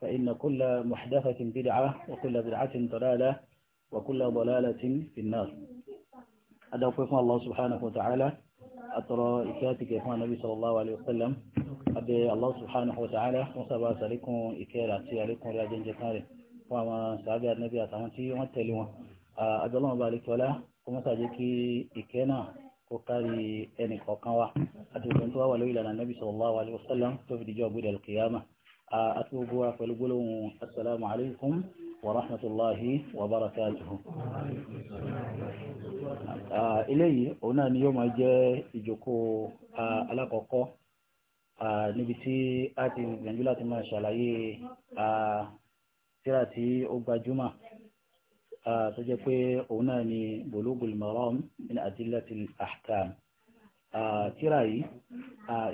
فإن كل محدثة بدعة وكل بدعة ضلالة وكل ضلالة في النار أدعوكم الله سبحانه وتعالى أترى إكاتك يا النبي صلى الله عليه وسلم أبي الله سبحانه وتعالى وصبا سالكم إكالة عليكم رياض جكاري وما سعبي النبي أتعمتي ومتلوا أبي الله مبارك ولا كما سعجيكي إكانا وقالي أني قوقوا أتوقع أنتوا ولو إلى النبي صلى الله عليه وسلم تفدي جواب إلى القيامة أتوبها فلقلوا السلام عليكم ورحمة الله وبركاته إلي هنا يوم جاء ìjókòó alákọ̀ọ́kọ́ níbi tí a ti gbìyànjú láti máa ṣàlàyé tírà tí ó gbajúmọ̀ tó jẹ́ pé òun náà ni Bulughul Maram min Adillatil Ahkam tírà yìí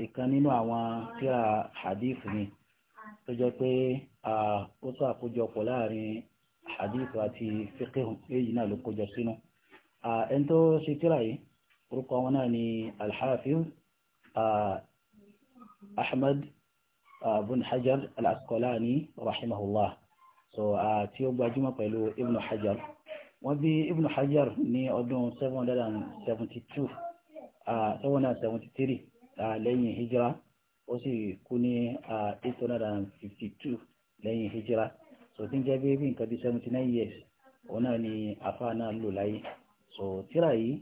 ìkan nínú àwọn tírà hadith ni tó jẹ́ pé ó sọ àkójọpọ̀ láàrin hadith àti fiqhu èyí náà ló kójọ sínú ẹni tó ṣe tíra yìí orúkọ wọn náà ni alhafiz ahmad bin hajar al rahimahullah so tí ó gbajúmọ̀ pẹ̀lú ibn hajar wọ́n bí ibn hajar ní ọdún 772 773 lẹ́yìn hijira ó sì kú ní eight hundred and fifty two lẹ́yìn hijira so tí ń jẹ́ bí nǹkan bí seventy nine years òun náà ni afa náà lò láyé so tíra yìí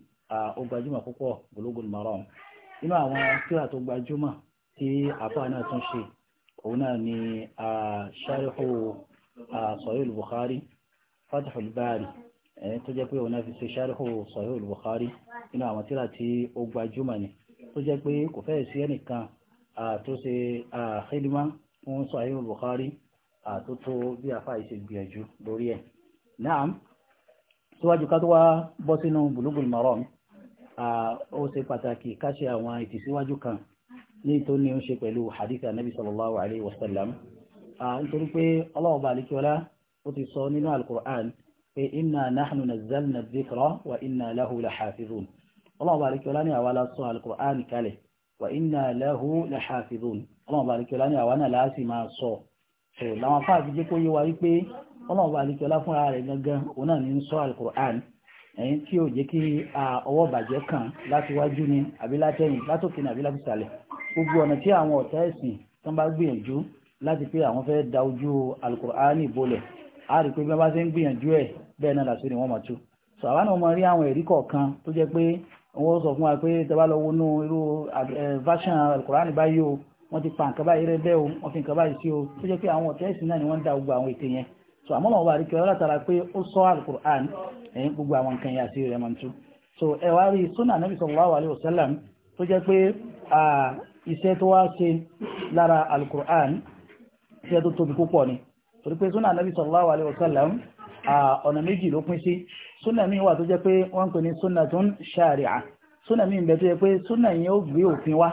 ó gbajúmọ̀ púpọ̀ Bulugul Maram nínú àwọn tíra tó gbajúmọ̀ tí afa náà tún ṣe òun náà ni ṣáríhù sọ̀hìl Bukhari Fathul Bari ẹ̀yìn tó jẹ́ pé òun náà fi ṣe ṣáríhù sọ̀hìl Bukhari nínú àwọn tíra tí ó gbajúmọ̀ ni tó jẹ́ pé kò fẹ́ẹ̀ sí ẹnìkan tó ṣe xidima fún Sahih Bukhari tó tó bí afa yìí ṣe gbìyànjú lórí ẹ̀ náà síwájú ká tó wá bọ́ sínú Bulughul Maram ó ṣe pàtàkì ká ṣe àwọn ìtìsíwájú kan ní tó ní ó ṣe pẹ̀lú hadith anabi sallallahu alayhi wa sallam nítorí pé Allahu balikiola ó ti sọ nínú alukur'an pé inna nahnu nazzalna dhikra wa inna lahu lahafizun Allahu balikiola ní àwa la sọ alukur'an kalẹ̀ wa inna lahu lahafizun ọlọ́ọ̀bà àríkẹ́lá ní àwọn náà láti máa sọ ṣe láwọn fáà fi jẹ́ kó yé wa wípé ọlọ́ọ̀bà àríkẹ́lá fúnra rẹ̀ gangan òun náà ní ń sọ alukur'an ẹ̀yìn tí ó jẹ́ kí ọwọ́ bàjẹ́ kàn láti wájú ni àbí látẹ̀yìn látòkè ni àbí látìsàlẹ̀ gbogbo ọ̀nà tí àwọn ọ̀tá ẹ̀sìn tó ń bá gbìyànjú láti pé àwọn fẹ́ da ojú alukur'an ìbolẹ̀ wọ́n sọ fún wa pé tẹ́bá lọ wọnú irú eh, version alukurani báyìí o wọ́n ti pa nǹkan báyìí rẹ bẹ́ẹ̀ o wọ́n fi nǹkan báyìí sí o tó jẹ́ pé àwọn ọ̀tẹ́ ìsìn náà ni wọ́n ń da gbogbo àwọn ète yẹn so àmọ́ wọn wà rí kí ọ látara pé ó sọ alukuran ẹ̀yìn gbogbo àwọn nǹkan yẹn àti rẹ̀ máa ń tú so ẹ wá rí sunna anabi sallallahu alayhi wa sallam tó jẹ́ pé iṣẹ́ tó wá ṣe lára alukuran iṣẹ́ tó tóbi púpọ̀ ni torí pé sunna anabi sallallahu alayhi wa sallam ọ̀nà méjì ló pín sí súnà míì wà tó jẹ́ pé wọ́n ń pè ní súnà tó ń ṣàríà súnà míì bẹ̀ tó jẹ́ pé súnà yẹn ó gbé òfin wá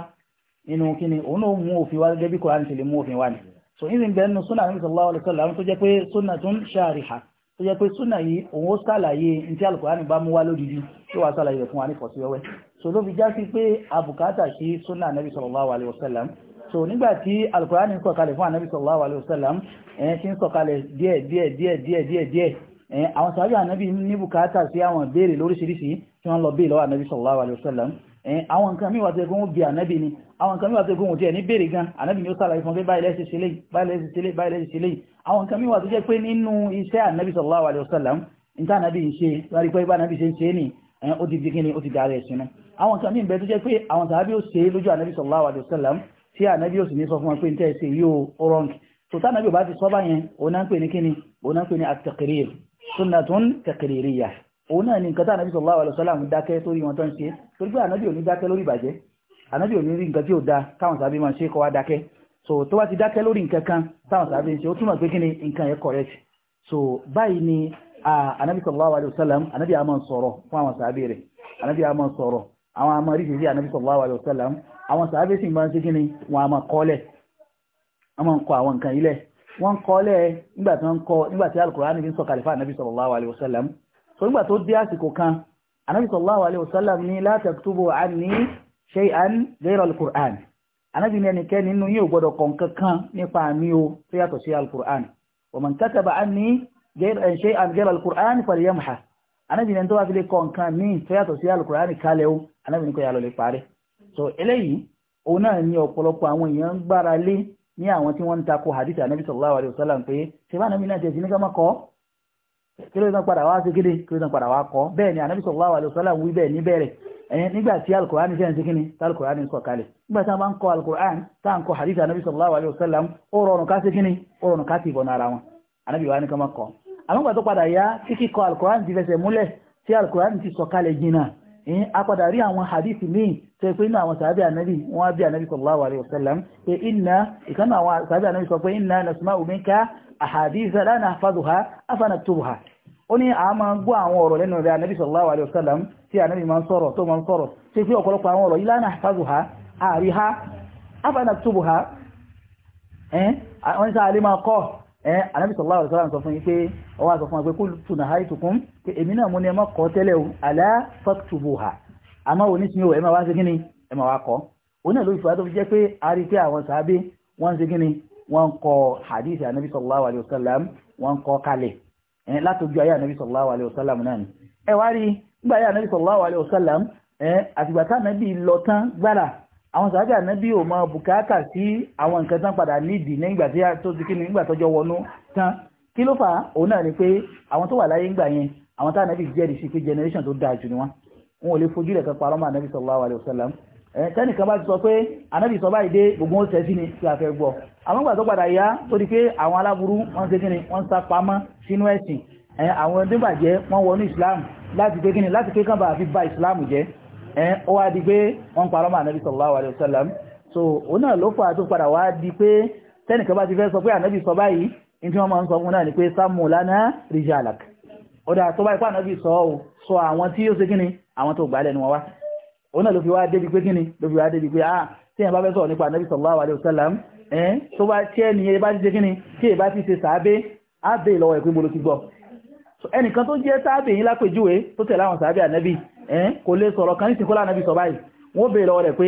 nínú kíni òun ó mú òfin wá gẹ́gẹ́ bí Kùránì ti lè mú òfin wá ni so ìrìn bẹ́ẹ̀ nínú súnà Ànábì sallallahu alaihi wasallam tó jẹ́ pé súnà tó ń ṣàríà tó jẹ́ pé súnà yìí òun ó sàlàyé ní tí Al-Kùránì bá mú wá lódìdí tó wàá sàlàyé rẹ̀ fún wa ní fọ̀síwẹ́wẹ́ so ló fi já sí pé àbùkátà sí súnà Ànábì sallallahu alaihi wasallam so nígbàtí alkùránì ń sọ̀kalẹ̀ fún ànábì sallallahu alaihi wasallam ẹ̀yẹn ti ń sọ̀kalẹ̀ díẹ̀ díẹ̀ díẹ̀ díẹ̀ díẹ̀ díẹ̀ ẹ̀yẹn àwọn sàájú ànábì ní bùkátà sí àwọn ìbéèrè lóríṣiríṣi tí wọ́n lọ bí lọ́wọ́ ànábì sallallahu alaihi wasallam ẹ̀yẹn àwọn nǹkan míì wà tó ẹgbẹ́ wọn bí ànábì ni àwọn nǹkan míì wà tó ẹgbẹ́ wọn tiẹ̀ ní béèrè gan ànábì ni ó sàlàyé fún pé báyìí lẹ́sẹ̀ sílé báyìí lẹ́sẹ̀ sílé báyìí lẹ́sẹ̀ sílé àwọn nǹkan míì jẹ́ pé nínú iṣẹ́ ànábì sallallahu alaihi wasallam níta ń ṣe láti pé bá ànábì ń ṣe é tí ànábì ò sì ní sọ fún wọn pé níta ẹsẹ̀ yóò ọrọ̀n tó tánàbí ò bá ti sọ bá yẹn òun náà ń pè ní kíni òun náà ń pè ní at-taqrir sunnatun taqririyah òun náà ni nǹkan tí ànábì sallallahu alaihi wasallam dákẹ́ torí wọn tó ń ṣe torí pé ànábì ò ní dákẹ́ lórí ìbàjẹ́ ànábì ò ní rí nǹkan tí ò da káwọn sábẹ́ máa ṣe kọ́ wá dákẹ́ so tó bá ti dákẹ́ lórí nǹkan kan táwọn sábẹ́ ń ṣe ó túmọ̀ pé so báyìí ni ànábì sallallahu alaihi wasallam ànábì àmọ́ sọ̀rọ̀ fún àwọn sábẹ́ rẹ̀ ànábì àmọ́ sọ̀rọ̀ àwọn àmọ́ rí àwọn sàábé sì máa ń ṣe kí ni wọn a máa kọ́lẹ̀ wọn máa ń kọ àwọn nǹkan ilẹ̀ wọ́n ń kọ́lẹ̀ nígbà tí wọ́n ń kọ nígbà tí alukurani fi ń sọ kàlífà anabi sallallahu alayhi wa sallam so nígbà tó dé àsìkò kan anabi sallallahu alayhi wa sallam ní la taktubu anni shay'an ghayra alukuran anabi ní ẹnikẹ́ni nínú yóò gbọ́dọ̀ kọ nǹkan kan nípa mi o tó yàtọ̀ sí alukuran wa man kalẹ̀ o anabi ní kò yà so eléyìí òun náà ní ọ̀pọ̀lọpọ̀ àwọn èèyàn ń gbára lé ní àwọn tí wọ́n ń takò hadith anabi sallallahu alayhi wa sallam pé ṣe bá anabi náà tẹ̀sí ní ká má kọ́ kí ló ń padà wá sí kéde kí ló ń padà wá kọ́ bẹ́ẹ̀ ni anabi sallallahu alayhi wa sallam wí bẹ́ẹ̀ ní bẹ̀rẹ̀ ẹ̀yẹn nígbà tí alukur'an ṣe ń ṣe kíni tí alukur'an ń sọ kalẹ̀ nígbà tí a máa ń kọ alukur'an tá à ń kọ hadith anabi sallallahu alayhi wa sallam ó rọrùn ká ṣe kíni ó rọrùn ká ti ìbọn ara wọn ìyẹn apadà rí àwọn hadithi míì tẹ́ pé inú àwọn sàábì ànábì wọ́n bí ànábì sallallahu alaihi wasallam pé iná ìkànnì àwọn sàábì ànábì sọ pé iná nasma'u minka ahaditha la nahfazuha afanaktubuha ó ní a máa gbọ́ àwọn ọ̀rọ̀ lẹ́nu rẹ̀ ànábì sallallahu alaihi wasallam tí ànábì máa ń sọ̀rọ̀ tó máa ń sọ̀rọ̀ tí pé ọ̀pọ̀lọpọ̀ àwọn ọ̀rọ̀ yìí la nahfazuha àríhá afanaktubuha ẹ̀ wọ́n ní sáà lè máa kọ́ anabi sallallahu alaihi wasallam sọ fún yín pé ó wá sọ fún wa pé qultu nahaytukum pé èmi náà mo ní ẹ má kọ tẹ́lẹ̀ o ala faktubuha àmọ́ òní sinmi o ẹ máa wá ṣe kí ni ẹ máa wá kọ́ òní àlọ́ ìfọwọ́ tó fi jẹ́ pé a rí i pé àwọn sàábé wọ́n ń ṣe kí ni wọ́n àwọn sàábì ànábì ò mọ bùkátà sí àwọn nǹkan tán padà nídìí nígbà tí tó ti kíni nígbà tọjọ́ wọnú tán kí ló fà á òun náà ni pé àwọn tó wà láyé ńgbà yẹn àwọn tá ànábì jẹ́rìí sí pé generation tó dáa jù ni wọ́n wọn ò lè fojú rẹ̀ kan parọ́ mọ́ ànábì sallallahu alaihi wasallam tẹ́nìkan bá ti sọ pé anábì sọ báyìí dé gbogbo ó tẹ́sí ni tí a fẹ́ gbọ́ àwọn ìgbà tó padà yá tó di pé àwọn aláburú wọ́n ṣe kíni wọ́n sá pamọ́ sínú ẹ̀sìn àwọn ẹ̀dínbàjẹ́ wọ́n wọnú islam láti pé kíni láti pé kàn bá fi ba islam jẹ́ ẹ eh, ó wá di pé wọ́n parọ́ mọ́ ànábì sallallahu alaihi wasallam so òun náà ló fà tó padà wá di pé tẹ́nìkan bá ti fẹ́ sọ pé ànábì sọ báyìí tí wọ́n máa ń sọ fún náà ni pé sámù lánàá rijalak ọ̀dà tó bá ipá ànábì sọ ọ́ sọ àwọn tí ó ṣe kíni àwọn tó gbà lẹ́nu wọn wá òun náà ló fi ah, alaihi wasallam ẹ̀ eh, tó bá tí ẹni ẹ bá ti ṣe kíni tí ẹ bá ti ṣe sàábé á bè lọ́wọ́ ẹ̀ pé mo ló ti gbọ́ ẹnìkan tó jẹ́ sàábé yín lápèjúwe tó tẹ̀lé àwọn sàábé ànábì kò lè sọ̀rọ̀ kan ní tìkọ́lá ànábì sọ báyìí wọ́n bèèrè lọ́wọ́ rẹ̀ pé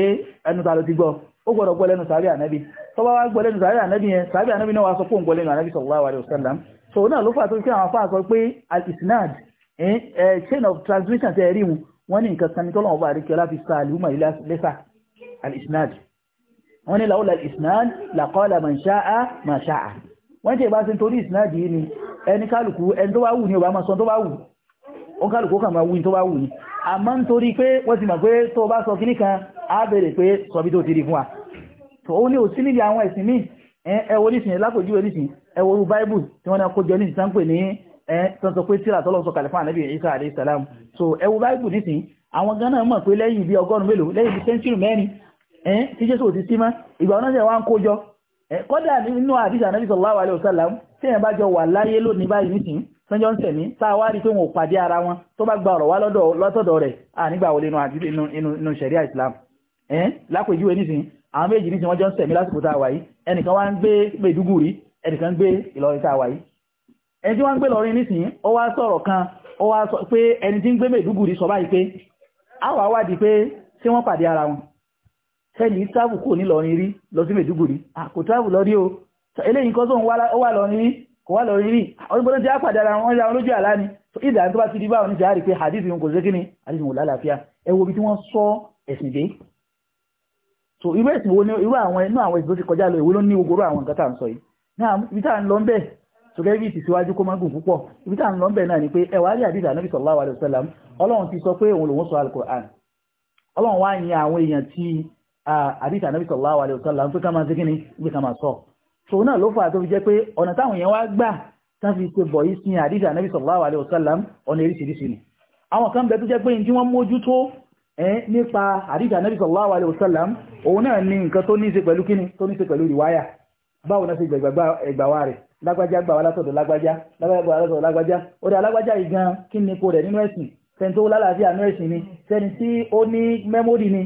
ẹnu ta ló ti gbọ́ ó gbọ́dọ̀ gbọ́ lẹ́nu sàárì ànábì tó bá wá gbọ́ lẹ́nu sàárì ànábì yẹn sàárì ànábì náà wá sọ fún gbọ́lẹ́nu ànábì sallallahu alaihi wasallam so na ló fà tó kí àwọn afá sọ pé al-isnad chain of transmission tẹ́ rí mu wọ́n ní nǹkan kan ní tọ́lọ́wọ́ bá rí kí ọlá fi sa àlùmọ̀ ilé lẹ́sà al-isnad wọ́n ní làwọ́lá al-isnad laqala man sha'a ma sha'a wọ́n tẹ́ bá ti torí isnad yìí ni ẹni kálukú ẹni tó bá wù ni o bá máa sọ tó bá wù ó kálukú kà máa wù ni tó bá wù ni àmọ́ ń torí pé wọ́n ti mọ̀ pé tó bá sọ kíní kan á bèèrè pé sọ̀bí tó ti rí fún wa tó ó ní òsí níbi àwọn ẹ̀sìn míì ẹwọ nísìn lápòjúwe nísìn ẹwọ orú báíbù tí wọ́n náà kó jọ nísìn ní tọ́ntọ́ pé tíra tọ́lọ́ so ẹwọ báíbù nísìn àwọn gánà mọ̀ pé lẹ́yìn bí ọgọ́rùn mélòó lẹ́yìn bí sẹ́ńtírì mẹ́rin tí Jésù ò ti sí mọ́ ìgbà wọn náà wá ń kójọ kọ́dà nínú àdìsí ànábì sallallahu alayhi wa sallam tí yẹn bá sánjọ́ ń tẹ̀mí sáwárí tó wọn ò pàdé ara wọn tó bá gba ọ̀rọ̀ wá lọ́tọ̀dọ̀ rẹ̀ à nígbà wọlé inú ṣẹ̀ríà Islam ẹ̀ lápèjúwe nísìn àwọn méjì ní tí wọ́n jọ ń tẹ̀mí lásìkò tá a wà yìí ẹnìkan wá ń gbé Maiduguri ẹnìkan gbé Ìlọrin tá a wà yìí ẹni tí wọ́n ń gbé Ìlọrin nísìn ó wá sọ̀rọ̀ kan ó wá sọ pé ẹni tí ń gbé Maiduguri sọ báyìí pé a wà wádìí pé ṣé wọ́n pàdé ara wọn sẹ́ni táàbù kò ní lọ́rin rí lọ sí Maiduguri àkótáàbù lọ rí o eléyìí kan tó ń wá lọ́rin rí kò wá lọ rí ọdúnbọ́n tí a pàdé ara wọn yàwọn lójú àlá ni ìdá tó bá ti rí báwọn níjà rí pé hadith yìí kò sékíní hadith wò lálàáfíà ẹ bí tí wọ́n sọ ẹ̀sìn dé so irú ẹ̀sìn wo ni irú àwọn inú àwọn ìgbésí kọjá lọ ìwé ló ní ogoro àwọn nǹkan tá à ń sọ yìí náà ibi tá à ń lọ bẹ́ẹ̀ so gẹ́gẹ́ bí ìtìsíwájú kó máa gùn púpọ̀ ibi tá à ń lọ bẹ́ẹ̀ náà ni pé ẹ wá rí hadith ànábì sallallahu alaihi wasallam ọlọ́run ti sọ pé òun lòun sọ alukur'an ọlọ́run wá yin àwọn èèyàn ti hadith ànábì sallallahu alaihi wasallam pé ká máa sékíní pé ká máa sọ so náà ló fà tó fi jẹ́ pé ọ̀nà táwọn èèyàn wá gbà tán fi pé bọ̀ yìí sí àdísì ànábì sallallahu alaihi wasallam ọ̀nà eríṣiríṣi ni àwọn kan bẹ tó jẹ́ pé tí wọ́n mójútó nípa àdísì ànábì sallallahu alaihi wasallam òun náà ni nǹkan tó ní í ṣe pẹ̀lú kíni tó ní se ṣe pẹ̀lú ìwáyà báwo náà ṣe gbẹ̀gbà rẹ̀ lágbájá gbà wá látọ̀dọ̀ lágbájá lágbájá gbà wá látọ̀dọ̀ lágbájá ó dá lágbájá yìí gan kí ni kò rẹ̀ nínú ẹ̀sìn sẹ́ni tó lálàáfíà nínú ẹ̀sìn ni sẹ́ni tí ó ní mẹ́mórì ni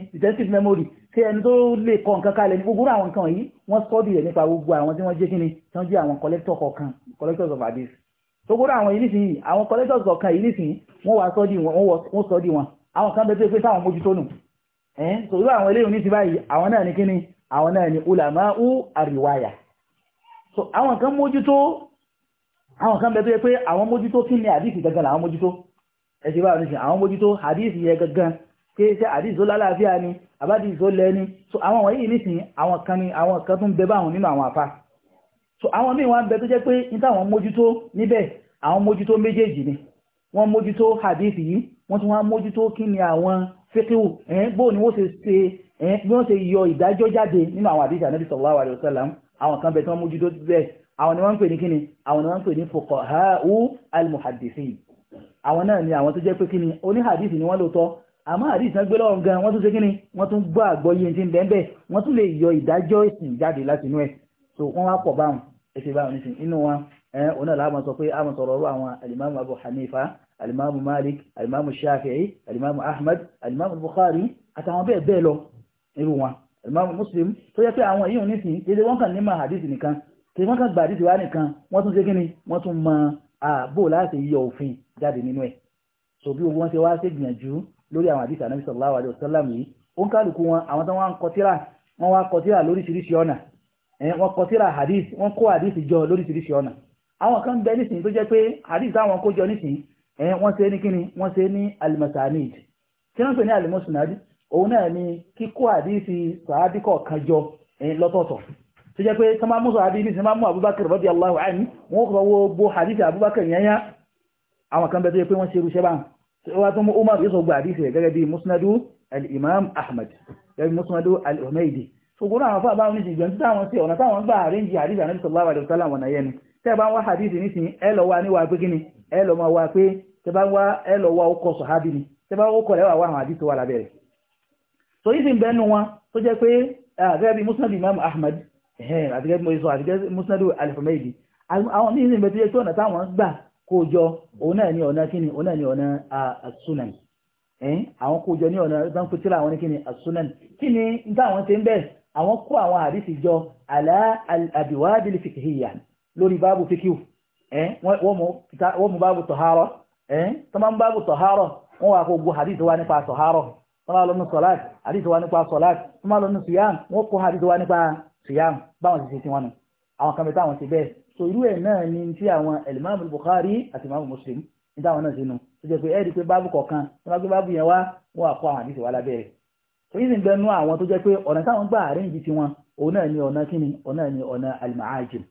tí ẹni tó lè kọ nǹkan kalẹ̀ ní gbogbo àwọn nǹkan yìí wọ́n sọ́dì rẹ̀ nípa gbogbo àwọn tí wọ́n jẹ́ kíni tí wọ́n jẹ́ àwọn collector kọ̀ọ̀kan collectors of hadith tó gbogbo àwọn yìí nísìnyí àwọn collectors kọ̀ọ̀kan yìí nísìnyí wọ́n wá sọ́dì wọn wọ́n sọ́dì wọn àwọn kan bẹ́ẹ̀ pé táwọn mójútó nù ẹ̀ tó gbogbo àwọn eléyìí nísìnyí báyìí àwọn náà ni kíni àwọn náà ni ulama u àríwáyà so àwọn kan mójútó àwọn kan bẹ́ẹ̀ pé àwọn mójútó kí ni hadith gangan làwọn mójútó ẹ̀ ti bá àwọn mójútó hadith yẹ gangan pé ṣe àdìsó lálàáfíà ni àbádìsó lẹ́ni so àwọn wọ̀nyí nísìn àwọn kan ni àwọn kan tún bẹ báwọn nínú àwọn àfá so àwọn míì wọ́n bẹ tó jẹ́ pé ní táwọn mójútó níbẹ̀ àwọn mójútó méjèèjì ni wọ́n mójútó hadithi yìí wọ́n tún wọ́n mójútó kí ni àwọn fíkíwù ẹ̀yìn bó ni wọ́n ṣe ṣe ẹ̀yìn bí wọ́n ṣe yọ ìdájọ́ jáde nínú àwọn àdìsí ànábì sallallahu alaihi wasallam àwọn kan bẹ tí wọ́n mójútó bẹ́ẹ̀ àwọn ni wọ́n ń pè ní kíni àwọn ni wọ́n ń pè ní fuqaha'u al-muhaddithin àwọn náà ni àwọn tó jẹ́ pé kíni oní hadithi ni wọ́n lóòótọ́ àmọ́ àdìsán gbé lọ́rùn gan wọ́n tún ṣe kí ni wọ́n tún gbọ́ àgbọ́yé ti ń bẹ́ẹ̀ bẹ́ẹ̀ wọ́n tún lè yọ ìdájọ́ ìsìn jáde láti inú ẹ̀ so wọ́n wá pọ̀ báwọn ẹsẹ̀ báwọn nísìn inú wọn ẹ̀ òun náà láwọn sọ pé àwọn sọ̀rọ̀ ọ̀rọ̀ àwọn alimami abu hanifa alimami malik alimami shafi'i alimami ahmad alimami bukhari àtàwọn bẹ́ẹ̀ bẹ́ẹ̀ lọ irú wọn alimami muslim tó yẹ pé àwọn yìí nísìn kéde wọ́n kàn ní ma hadith nìkan kéde wọ́n kàn gba hadith wa nìkan wọ́n tún ṣe kí ni wọ́n tún mọ àbò láti yọ òfin jáde nínú ẹ̀ so bí ogun wọn ṣe wá ṣègbìyànjú lórí àwọn àdìsí ànábì sallallahu alaihi wasallam yìí ó ń kálukú wọn àwọn tó wọn kọ tírà wọn wá kọ tírà lóríṣiríṣi ọ̀nà wọn kọ tírà hadith wọn kó hadith jọ lóríṣiríṣi ọ̀nà àwọn kan bẹ nísìnyí tó jẹ́ pé hadith táwọn kó jọ nísìnyí wọ́n ṣe ní kíni wọ́n ṣe ní alimasanid tí wọ́n pè ní alimusnad òun náà ni kíkó hadith sàábì kọ̀ọ̀kan jọ lọ́tọ̀ọ̀tọ̀ tó jẹ́ pé tó máa mú ní sinimá mú abubakar radiyallahu anhu wọn kò gbogbo hadith abubakar yẹn yá àwọn kan bẹ tó jẹ́ pé wọ́n ṣe irúṣẹ́ wa tún mú umar yíso gba àdísì gẹ́gẹ́ bí musnadu al-imam ahmad gẹ́gẹ́ bí musnadu al-humaydi so gbọ́nà àwọn fáà báwọn níṣì ìgbẹ̀ntí táwọn sí ọ̀nà táwọn gbà àríǹjì àdísì ànábì sallallahu alaihi wasallam kójọ òun náà ní ọ̀nà kíni òun náà ní ọ̀nà àsúnan ẹ̀yìn àwọn kójọ ní ọ̀nà bánkútílà àwọn ní kíni àsúnan kíni nígbà àwọn ti ń bẹ̀ àwọn kó àwọn àdìsí jọ àlá àbíwádìí fìkìhìyà lórí báàbù fíkìw wọ́n mú báàbù tọ̀hárọ̀ tó máa ń báàbù tọ̀hárọ̀ wọ́n wà kó gbó àdìsí wa nípa tọ̀hárọ̀ tó máa lọ ní sọ̀láàt àdìsí wa nípa sọ̀láàt tó máa lọ ní siyam wọ́n kó àdìsí wa nípa àwọn ti bẹ́ẹ̀ so irú ẹ̀ náà ni ti àwọn ẹ̀lìmáàmù Bukhari àti ìmáàmù Muslim ní táwọn náà sínú tó jẹ́ pé ẹ́ rí pé báàbù kọ̀ọ̀kan tó bá gbé báàbù yẹn wá wọ́n àkọ́ àwọn àdìsí wá lábẹ́rẹ̀ èyí sì ń bẹnu àwọn tó jẹ́ pé ọ̀nà táwọn gbà àríǹjì ti wọn òun náà ni ọ̀nà kíni ọ̀nà ni ọ̀nà al-ma'ajim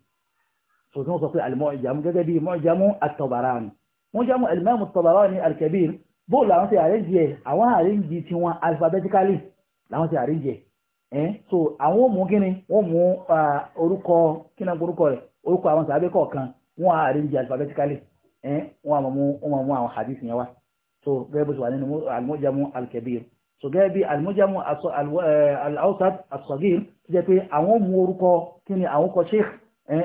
so tí wọ́n sọ pé al-mu'jam gẹ́gẹ́ bí mu'jamu at-Tabarani mu'jamu al-imam at-Tabarani al-kabir bóòlù àwọn ti àríǹjì so àwọn ò mú kíni wọ́n ah, orúkọ àwọn sàbẹ́ kọ̀ọ̀kan wọ́n á arrange alphabetically wọ́n á mú wọ́n mú àwọn hadith yẹn wá so gẹ́gẹ́ bó ṣe wà nínú almujamu alkebir so gẹ́gẹ́ bí almujamu eh, alawsat asogir tó jẹ́ pé àwọn mú orúkọ kí ni àwọn kọ sheikh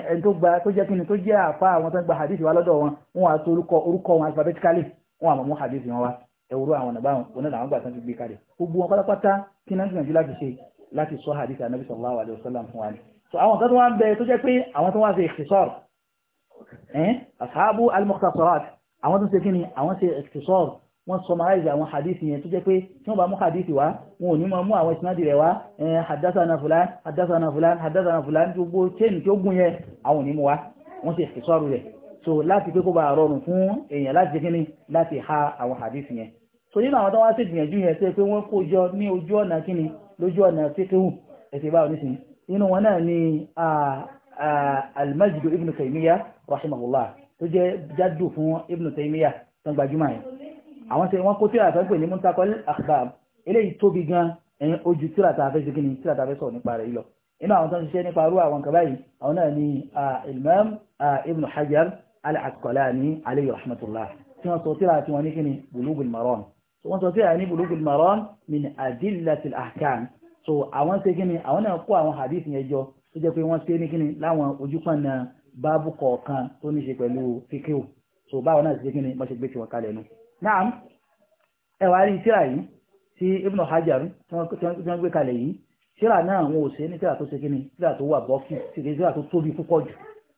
ẹni tó gba tó jẹ́ kí ni tó jẹ́ àfa àwọn tó ń gba hadith wa lọ́dọ̀ wọn wọ́n á tó orúkọ orúkọ wọn alphabetically wọ́n á mú hadith yẹn wá ẹwúrú àwọn ọ̀nà báwọn oní àwọn gbà tán ti gbé kalẹ̀ gbogbo wọn pátápátá kí náà gbìyànjú láti ṣe láti sọ hadith anabi sallallahu alayhi wa sallam fún wa ni so àwọn kan tó wá ń bẹ tó jẹ́ pé àwọn tó wá ṣe ikhtisar ashabu al-mukhtasarat àwọn tó ṣe kí ni àwọn ṣe ikhtisar wọ́n summarize àwọn hadithi yẹn tó jẹ́ pé tí wọ́n bá mú hadithi wá wọn ò ní mọ́ mú àwọn ìsinádì rẹ̀ wá haddasana fulan haddasana fulan so láti pé kó bá rọrùn fún èèyàn láti jẹ́ kíní láti ha so nínú àwọn tó wá sí ìgbìyànjú yẹn tó yẹ pé wọ́n kó jọ ní ojú ọ̀nà kíní lójú nínú wọn náà ni almajidu ibn taimiyya rahimahullah tó jẹ́ jádù fún ibn taimiyya tó gbajúmọ̀ yẹn àwọn tí wọ́n kó tíra tó ń pè ní muntakol akhbab eléyìí tóbi gan ẹ̀yìn ojú tíra tá a fẹ́ ṣe kí ni tíra tá a fẹ́ sọ̀rọ̀ nípa rẹ̀ yìí lọ inú àwọn tó ń ṣiṣẹ́ nípa arú àwọn kaba yìí àwọn náà ni imam ibn hajar al-asqalani alayhi rahmatullah tí wọ́n sọ tírà tí wọ́n ní kíni bulugul maram wọ́n sọ tírà ní bulugul maram min adillatil ahkam so àwọn ṣe kíni àwọn náà kó àwọn hadith yẹn jọ tó jẹ́ pé wọ́n ṣe ní kíni láwọn ojúpọ̀nà báàbù kọ̀ọ̀kan tó ní ṣe pẹ̀lú fíkíù so báwọn náà ṣe kíni wọ́n ṣe gbé tiwọn kalẹ̀ nu. naam ẹ wàá rí tíra yìí tí ibn hajar tí wọ́n gbé kalẹ̀ yìí tíra náà wọn ò ṣe ní tíra tó ṣe kíni tíra tó wà bọ́ọ̀kì tíra tó tóbi púpọ̀ jù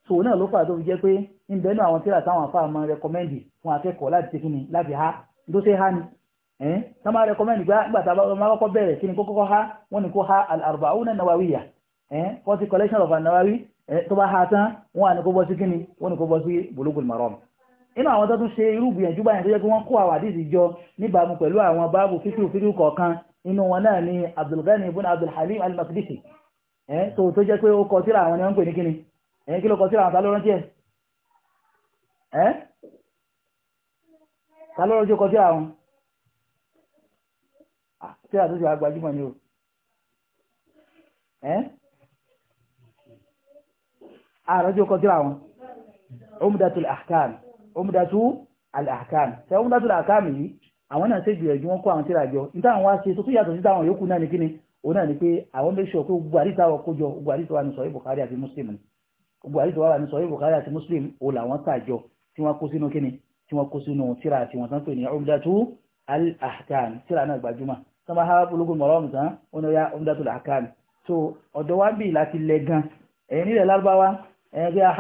so náà ló fà tó fi jẹ́ pé ń bẹ́ẹ̀ náà àwọn tíra táwọn afáàmọ́ rẹkọmẹ́ndì fún akẹ́kọ̀ọ́ láti ṣe kíni láti há tó ṣe há ni ẹ́n tá máa rẹkọmẹ́ndì gbá nígbà tá a máa kọ́kọ́ bẹ̀rẹ̀ kí ni kó kọ́kọ́ ha wọ́n ní kó ha al-arba'una nawawiya ẹ́n eh? forty collection of an-nawawi eh, tó bá ha tán wọ́n á ní kó bọ́ sí kí ni wọ́n ní kó bọ́ sí bulugul maram inú àwọn tó tún ṣe irú gbìyànjú báyìí tó jẹ́ pé wọ́n kó àwọn àdìsí jọ níbàámu pẹ̀lú àwọn báàbù fífíù fífíù kọ̀ọ̀kan inú wọn náà ni abdulghani ibn abdulhalim al-maqdisi ẹ̀ eh? tó tó jẹ́ pé ó kọ tíra àwọn ni wọ́n ń pè ní kíni ẹ̀ kí ló kọ tíra àwọn talóró tiẹ̀ ẹ̀ talóró tí ó kọ tíra àwọn àti ah, àtúnṣe agbájúmọ̀ ni o ẹ́ ah, àrọ́jú ọkọ̀ tíra wọn Umdatul Ahkam Umdatul Ahkam tẹ Umdatul Ahkam yìí àwọn náà ṣe gbìyànjú wọn kó àwọn tíra jọ níta àwọn wáṣe tó tún yàtọ̀ sí táwọn yòókù náà ní kíni òun náà ni pé àwọn méjì sọ pé gbogbo àdìsá wọn kó jọ gbogbo àdìsá wa ní sọ Bukhari àti Muslim ni gbogbo àdìsá wa ní sọ Bukhari àti Muslim òun làwọn tà jọ tí wọn kó sínú kíni tí wọn kó sínú tíra àti wọn tán pè ní al-ahkam tíra náà gbajúmọ̀ tó bá hábà Bulughul Maram tán ó ní ó yá Ahkam so ọ̀dọ̀ wa bì láti lẹ gan ẹ̀yìn nílẹ̀ lárúbáwá ẹ̀yìn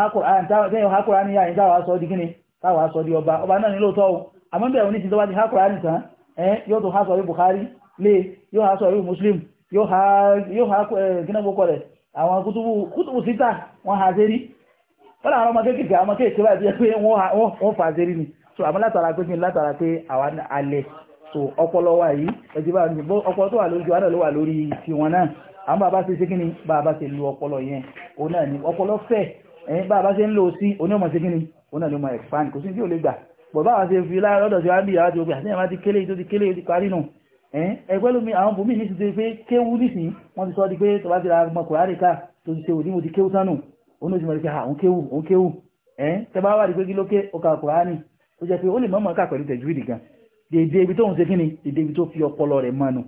hákùrá ní àyíká wa sọ di kíni táwa sọ di ọba ọba náà ní lóòótọ́ o àmọ́ bẹ̀rẹ̀ ní ti tó bá ti hákùrá nìkan yóò tó há sọ rí Bukhari lé yóò há sọ rí Muslim yóò há gíná gbókọ̀ rẹ̀ àwọn kútùbù síta wọ́n há zérí wọ́n làwọn ọmọ kéékèèké àwọn kéékèèké so àmọ́ látara pé kí n látara pé àwa alẹ́ so ọpọlọ wa yìí ẹjẹ bá ní ọpọlọ tó wà lójú wa náà ló wà lórí tiwọn náà àwọn bàbá ṣe ṣe kí ni bàbá ṣe lu ọpọlọ yẹn òun náà ni ọpọlọ fẹ ẹyin bàbá ṣe ń lò sí onímọ̀ ṣe kí ni òun náà ló mọ expand kò sí tí ò lè gbà pọ̀ báwa ṣe fi lọ́dọ̀ sí wa bí ìyàwó ti gbé àti ìyàwó ti kélé tó ti kélé ti parí nù ẹgbẹ́ lómi àwọn bòmí ní ti ṣe pé kéwú nísìn wọ́n ti sọ di pé tó bá ti ra ọmọ kòrárì tó ti ṣe òní mo ti kéwú sánù òun ló ti mọ̀ pé òun kéwú òun kéwú ẹ̀ tẹ́ bá wà di pé kí ló ké ó ka kòrárì tó jẹ́ pé ó lè mọ̀ọ́mọ̀ kà pẹ̀lú tẹ̀júwìdì gan dèdè ibi tó ń ṣe kí ni dèdè ibi tó fi ọpọlọ rẹ̀ mọ́nu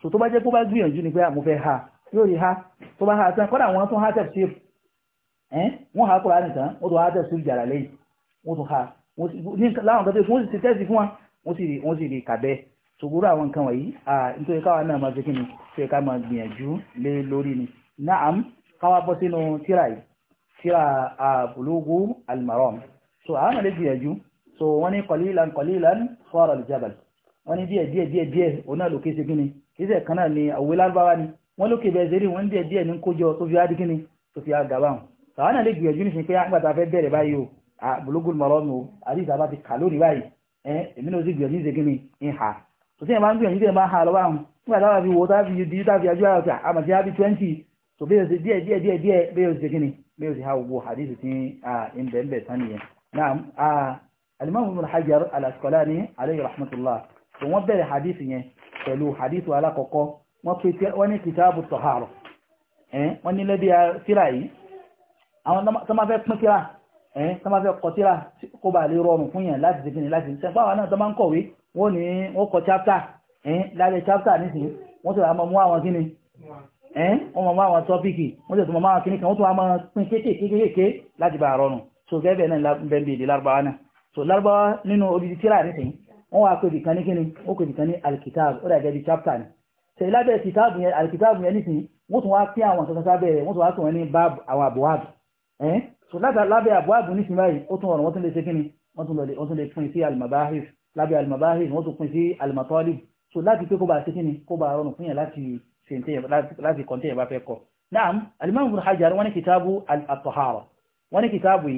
tó tó bá jẹ́ pé ó bá gbìyànjú ni pé àmọ́ fẹ́ ha yóò rí ha tó bá ha tán kọ́dà wọn tún ha tẹ̀ sí ẹ̀ wọ́n ha kọ́ra nìkan wọ́n tún ha tẹ̀ sí ìjàrà lẹ́yìn wọ́n tún ha láwọn kan tó fún ti tẹ́sí fún wa wọ́n sì rí kàbẹ́ ṣògbóró àwọn nǹkan wọ̀nyí nítorí káwa náà máa ṣe kí ni tó yẹ ká máa gbìyànjú lé lórí ni naam káwa bọ́ sínú tíra yìí tíra Bulugh al-Maram so àwọn lè gbìyànjú so wọ́n ní qalilan qalilan sara al-jabal wọ́n ní díẹ̀ díẹ̀ díẹ̀ díẹ̀ òun náà lókè sí gíní kíṣẹ̀ kan náà ni àwòrán lárúbáwá ni wọ́n lókè bẹ̀rẹ̀ sí rí wọ́n díẹ̀ díẹ̀ ní kójọ tó fi á dígí ni tó fi á gàbá hàn sàwọn náà lè gbìyànjú níṣẹ́ pé àgbàtà fẹ́ bẹ̀rẹ̀ báyìí o Bulugul Maram o àdìsá bá ti kà lónìí báyìí ẹ èmi náà sì gbìyànjú níṣẹ́ gíní ń hà tó sì máa ń gbìyànjú níṣẹ́ máa hà lọ́wọ́ alimami ibn hajar al-asqalani alayhi rahmatullah so wọ́n bẹ̀rẹ̀ hadith yẹn pẹ̀lú hadith wa alákọ̀ọ́kọ́ wọ́n ní kìtàbù tọ̀hárọ̀ wọ́n ní lẹ́bí síra yìí àwọn tọ́máfẹ́ pín síra tọ́máfẹ́ kọ síra kó bà lè rọrùn fún yẹn láti dìgbìn láti sẹ́pá wà náà tọ́má ń kọ̀wé wọ́n ní wọ́n kọ chapter lálẹ́ chapter nísìnyí wọ́n sì máa mú àwọn kíni wọ́n máa àwọn tọ́pìkì wọ́n sì máa máa kíní kan wọ́n tún máa pín kéékèèké láti bá rọrùn so gẹ́gẹ́ bẹ́ẹ̀ náà bẹ́ẹ̀ bí èdè lárúbáwá náà so lárúbáwá nínú odidi tíra nísìnyí wọ́n wá pé ibìkan ní kíni ó pé ibìkan ní alikitaabu ó dàgẹ́ bí chapter ni so lábẹ́ kitaabu yẹn alikitaabu yẹn nísìnyí wọ́n tún wá pín àwọn nǹkan kankan bẹ̀rẹ̀ wọ́n tún wá pè wọ́n ní báàbù àwọn àbúwáàbù ẹ́n so lábẹ́ àbúwáàbù nísìnyí báyìí ó tún ọ̀rọ̀ wọ́n tún lè ṣe kíni wọ́n tún lè pín sí alimabahir lábẹ́ alimabahir wọ́n tún pín sí alimatalib so láti pé kó bá ṣe kíni kó bá rọrùn fún yẹn láti láti kọ́ntẹ́ yẹn bá fẹ́ kọ́ naam alimami ibn hajar wọ́n ní kitaabu al-tahara wọ́n ní kitaabu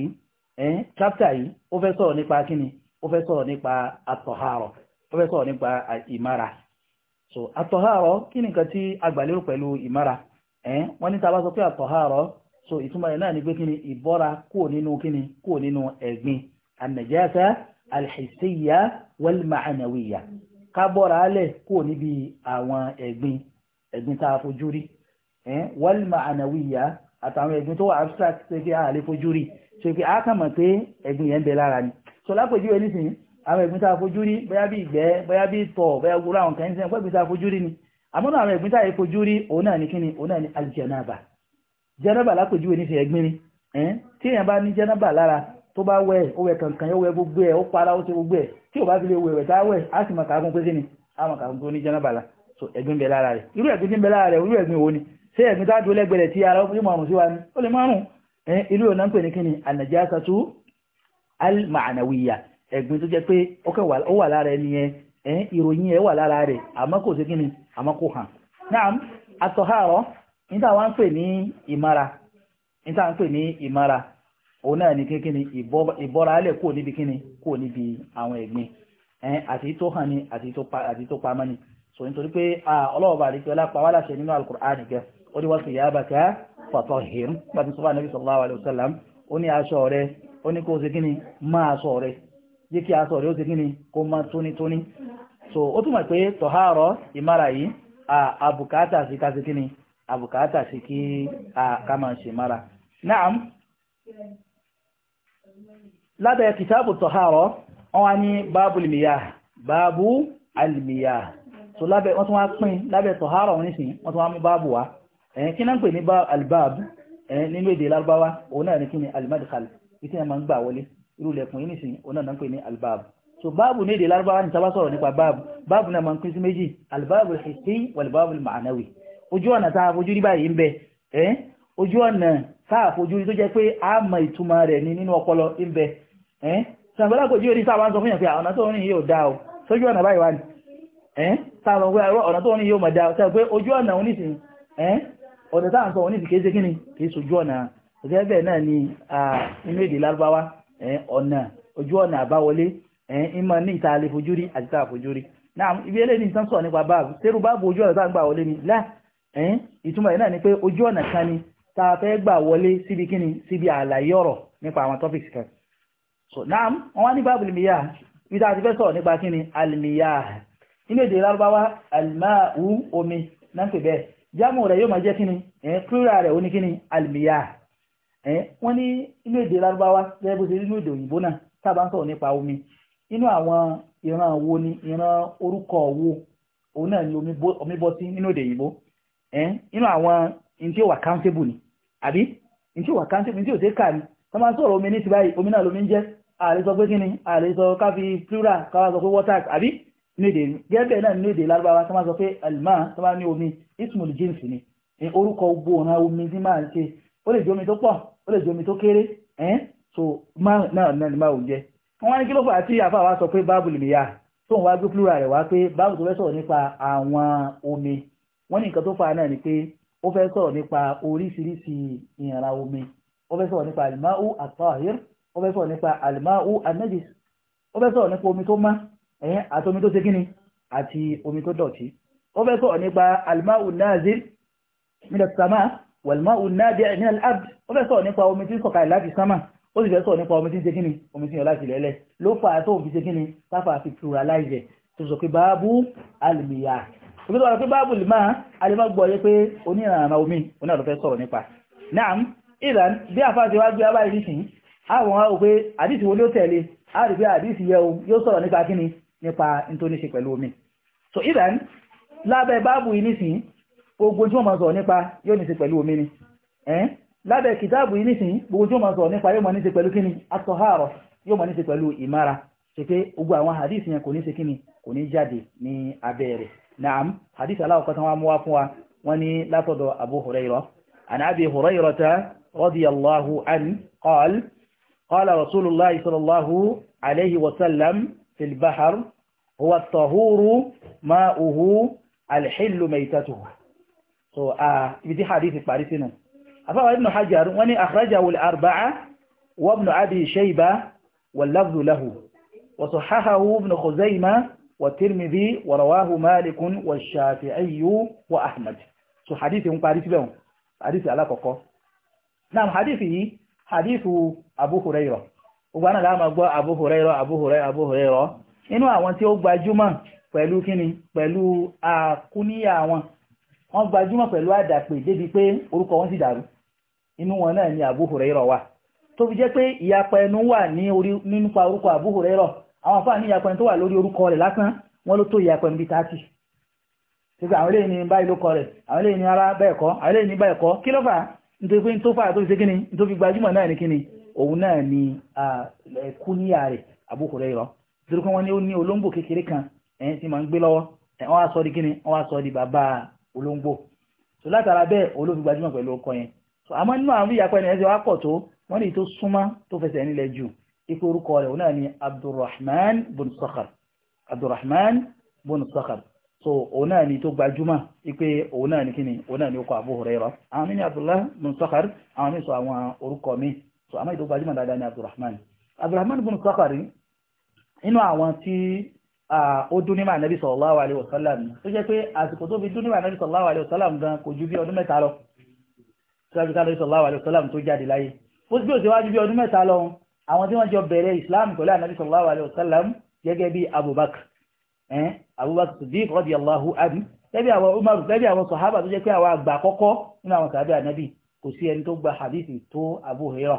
ẹ̀ẹ́n chapter yìí ó fẹ́ sọ̀rọ̀ nípa kíni ó fẹ́ sọ̀rọ̀ nípa àtọ̀hárọ̀ ó fẹ́ sọ̀rọ̀ nípa ìmára so àtọ̀hárọ̀ kí ni nǹkan tí agbàlérò pẹ̀lú ìmára wọ́n ní so ìtumọ̀ yẹn náà ni pé kíni ìbọ́ra kúrò nínú kíni kúrò nínú ẹ̀gbin an-najasa al ká bọ́ra alẹ̀ kúrò níbi àwọn ẹ̀gbin ẹ̀gbin tá a fojú rí ṣe pé àákàmọ̀ pé ẹ̀gbìn yẹn ń bẹ lára ni sọ lápèjú ẹni sìn àwọn ẹ̀gbìn tá a fojú rí bóyá bí ìgbẹ́ bóyá bí tọ̀ bóyá gbogbo àwọn kan sẹ́yìn pẹ́gbìn tá a fojú rí ni àmọ́ àwọn ẹ̀gbìn tá a fojú rí òun náà ni kí ni òun náà ni alìjẹ̀nàbà jẹ́nàbà lápèjú ẹni sìn ẹ̀gbìn ni tí èèyàn bá ní jẹ́nàbà lára tó bá wẹ̀ ó wẹ̀ kankan ó wẹ̀ gbogbo ẹ̀ ó para ó ṣe gbogbo ẹ̀ tí ni á mọ̀ kàákùn la so ẹ̀gbìn bẹ lára rẹ̀ irú ẹ̀gbìn tí ń bẹ lára rẹ̀ irú ẹ̀gbìn wo Eh, irú ọ̀nà ń pè ní kíni ànàjásátú almanawiya ẹ̀gbin tó jẹ́ pé ó wà lára ẹni ẹ eh, ìròyìn ẹ wà lára rẹ̀ àmọ́ kò sí kíni àmọ́ kò hàn náà àtọ̀hárọ̀ níta wá ń pè ní ìmára níta ń pè ní ìmára òun náà ní kíni ìbọ́ra alẹ̀ kò níbi kíni kò níbi àwọn ẹ̀gbin eh, àti tó hàn ní àti tó pamọ́ ni so nítorí pé ah, ọlọ́ọ̀bà àdìsí ọlá pa wá láṣẹ nínú gẹ ó ní wá sí fatahhir pàtí sọ́fà nàbí sallallahu alaihi wasallam ó ní aṣọ rẹ̀ ó ní kó o ṣe kíni máa aṣọ rẹ̀ jẹ́ kí aṣọ rẹ̀ ó ṣe kíni kó máa tónítóní so ó túmọ̀ pé tọ̀hárọ̀ ìmára yìí àbùkátà sí ká ṣe kíni àbùkátà sí kí ká máa ṣe mára naam lábẹ́ kìtàbù tọ̀hárọ̀ wọ́n wá ní báàbù al báàbù al so lábẹ́ wọ́n tún wá pín lábẹ́ tọ̀hárọ̀ wọn nísìnyí wọ́n tún wá mú báàbù wá ẹ̀yìn eh, kí náà ń pè ní albab ẹ̀yìn eh, nínú èdè lárúbáwá òun náà ní kí ni almadkhal ìtí ẹ̀ máa ń gbà wọlé irú lẹ̀kùn yìí nìsín òun náà ń pè ní albab so báàbù ní èdè lárúbáwá ní sábà sọ̀rọ̀ nípa báàbù báàbù náà máa ń pín sí méjì albab al-hissi walbab al-ma'nawi ojú ọ̀nà tá a fojú rí báyìí ń bẹ ẹ̀ eh, ojú ọ̀nà tá a fojú rí tó jẹ́ pé a mọ ìtumọ̀ rẹ̀ ní nínú ọpọlọ ń bẹ ẹ̀ sàgbọ́lá kò jí orí sáà wá ń sọ fún yàn pé ọ̀nà ojú ọ̀nà ọ̀nà táà ń sọ oníṣìí kéèṣe kíni kìí sojú ọ̀nà gẹ́gẹ́ náà ni inú èdè lárúbáwá ọ̀nà ojú ọ̀nà àbáwọlé ìmọ̀ ní ìta alẹ́ fojú rí àti tá àfojú rí náà ibi eléyìí nìkan sọ nípa báàbù sẹ́rù báàbù ojú ọ̀nà tá ń gbà wọlé ni lá ìtumọ̀ yìí náà ni pé ojú ọ̀nà kan ni tá a fẹ́ gbà wọlé síbi kíni síbi àlàyé ọ̀rọ̀ nípa àwọn topics kan so náà wọ́n wá ní báàbù lìmíyà bí tá a ti fẹ́ sọ̀rọ̀ jámù rẹ̀ yóò máa jẹ́ kíni plural rẹ̀ ó ní kíni almiyah wọ́n ní inú èdè lárúbáwá gẹ́gẹ́ bó ṣe inú èdè òyìnbó náà sábà nípa omi inú àwọn ìran wo ni ìran orúkọ wo òun náà ni omi bọ́ sí nínú èdè òyìnbó inú countable ni àbí countable ṣe kà wọ́n máa omi ní ti omi náà ń jẹ́ sọ pé kíni sọ káfí káwá nídè ní gẹ́gẹ́ náà nídè lárúbáwá tó máa sọ pé alma tó máa ní omi ismul jinsi ni orúkọ gbogbo ọ̀nà omi tí máa ń ṣe ó lè jẹ́ omi tó pọ̀ ó lè jẹ́ omi tó kéré so máa náà náà ni máa ò jẹ́ wọ́n wá ní kí ló fà á tí àfa wa sọ pé báàbù lè yá tó ń wá gbé plural rẹ̀ wá pé báàbù tó fẹ́ sọ̀rọ̀ nípa àwọn omi wọ́n ní nǹkan tó fà náà ni pé ó fẹ́ sọ̀rọ̀ nípa oríṣiríṣi ìyànra omi ó fẹ́ sọ̀rọ̀ nípa alimau atahir ó fẹ́ sọ̀rọ̀ nípa alimau anajis ó fẹ́ sọ̀rọ̀ nípa omi tó má ẹ̀yẹn àti omi tó ṣe kíni àti omi tó dọ̀tí ó fẹ́ sọ̀rọ̀ nípa alma'u nazil min as-sama walma'u nadi' min al-ard ó fẹ́ sọ̀rọ̀ nípa omi pluralize tó sọ pé báábù alìmìyà òbí sọ̀rọ̀ pé báábù lè máa alìmọ́ gbọ́ yé pé onírànà omi oní àlọ́ fẹ́ sọ̀rọ̀ nípa naam ìlànà bí àfáàtì wá gbé abáyé nísìnyí ni ó tẹ̀lé nípa nítorí ṣe pẹ̀lú omi so even lábẹ́ báàbù yìí nísìn gbogbo tí wọ́n máa sọ nípa yóò ní ṣe pẹ̀lú omi ni ẹ́n lábẹ́ kìtáàbù yìí nísìn gbogbo tí wọ́n máa sọ nípa yóò máa ní ṣe pẹ̀lú kíni atọ́hárọ̀ yóò máa ní ṣe pẹ̀lú ìmára ṣe pé gbogbo àwọn hadith yẹn kò ní ṣe kíni kò ní jáde ní abẹ́ rẹ̀ naam hadith aláwọ̀kọ́ tán wá mú wá fún wa wọ́n ní في البحر هو الطهور ماؤه الحل ميتته so ابي آه، حديث بارسينا نعم. افوا ابن حجر وني اخرجه الاربعه وابن ابي شيبه واللفظ له وصححه ابن خزيمه والترمذي ورواه مالك والشافعي واحمد so حديث بارسينا حديث على كوكو نعم حديثه حديث ابو هريره gbogbo àná àmà gbọ́ Abu Hurairah Abu Hurairah Abu Hurairah àwọn tí ó gbajúmọ̀ pẹ̀lú kíni pẹ̀lú àkúníyà wọn wọ́n gbajúmọ̀ pẹ̀lú àdàpè débi pé orúkọ wọn sì dàrú inú wọn náà ni wà tó fi pé ìyapa ẹnu wà ní orí nípa orúkọ àwọn afáà ní ìyapa tó wà lórí orúkọ rẹ̀ lásán ló tó ìyapa òun náà ni kúníyà rẹ̀ Abu Hurairah torí pé wọ́n ní ó ní olóńgbò kékeré kan ẹ̀yìn tí máa ń gbé lọ́wọ́ wọ́n á sọ di kíni wọ́n á sọ di bàbá olóńgbò so látara bẹ́ẹ̀ olóòfin gbajúmọ̀ pẹ̀lú ọkọ yẹn so àmọ́ nínú àwọn ìyàpẹ́ ni ẹ̀sẹ̀ wá pọ̀ tó wọ́n ní tó súnmọ́ tó fẹsẹ̀ nílẹ̀ jù ikú orúkọ rẹ̀ òun náà ni Abdurrahman bin Sakhar Abdurrahman bin Sakhar so òun náà ni tó gbajúmọ̀ wípé òun náà ni kíni òun náà ni ó kọ Abu Hurairah àwọn mi ni Abdullah bin àwọn mi sọ àwọn orúkọ mi so àmọ́ ìdó gbajúmọ̀ dáadáa ni abdulrahman abdulrahman bin sakari inú àwọn tí ó dún nímọ̀ ànábì sallallahu alaihi wasallam tó jẹ́ pé àsìkò tó fi dún nímọ̀ ànábì sallallahu alaihi wasallam gan kò ju bí ọdún mẹ́ta lọ síwájú ká lórí sallallahu alaihi wasallam tó jáde láyé ó sì bí ó ti wájú bí ọdún mẹ́ta lọ àwọn tí wọ́n jọ bẹ̀rẹ̀ islam pẹ̀lú ànábì sallallahu alaihi wasallam gẹ́gẹ́ bí abubakar ẹn abubakar siddiq radiyallahu anhu lẹ́bí àwọn umaru lẹ́bí àwọn sahaba tó jẹ́ pé àwọn àgbà àkọ́kọ́ nínú àwọn sàbẹ̀ ànábì kò sí ẹni tó gba hadith tó abu hira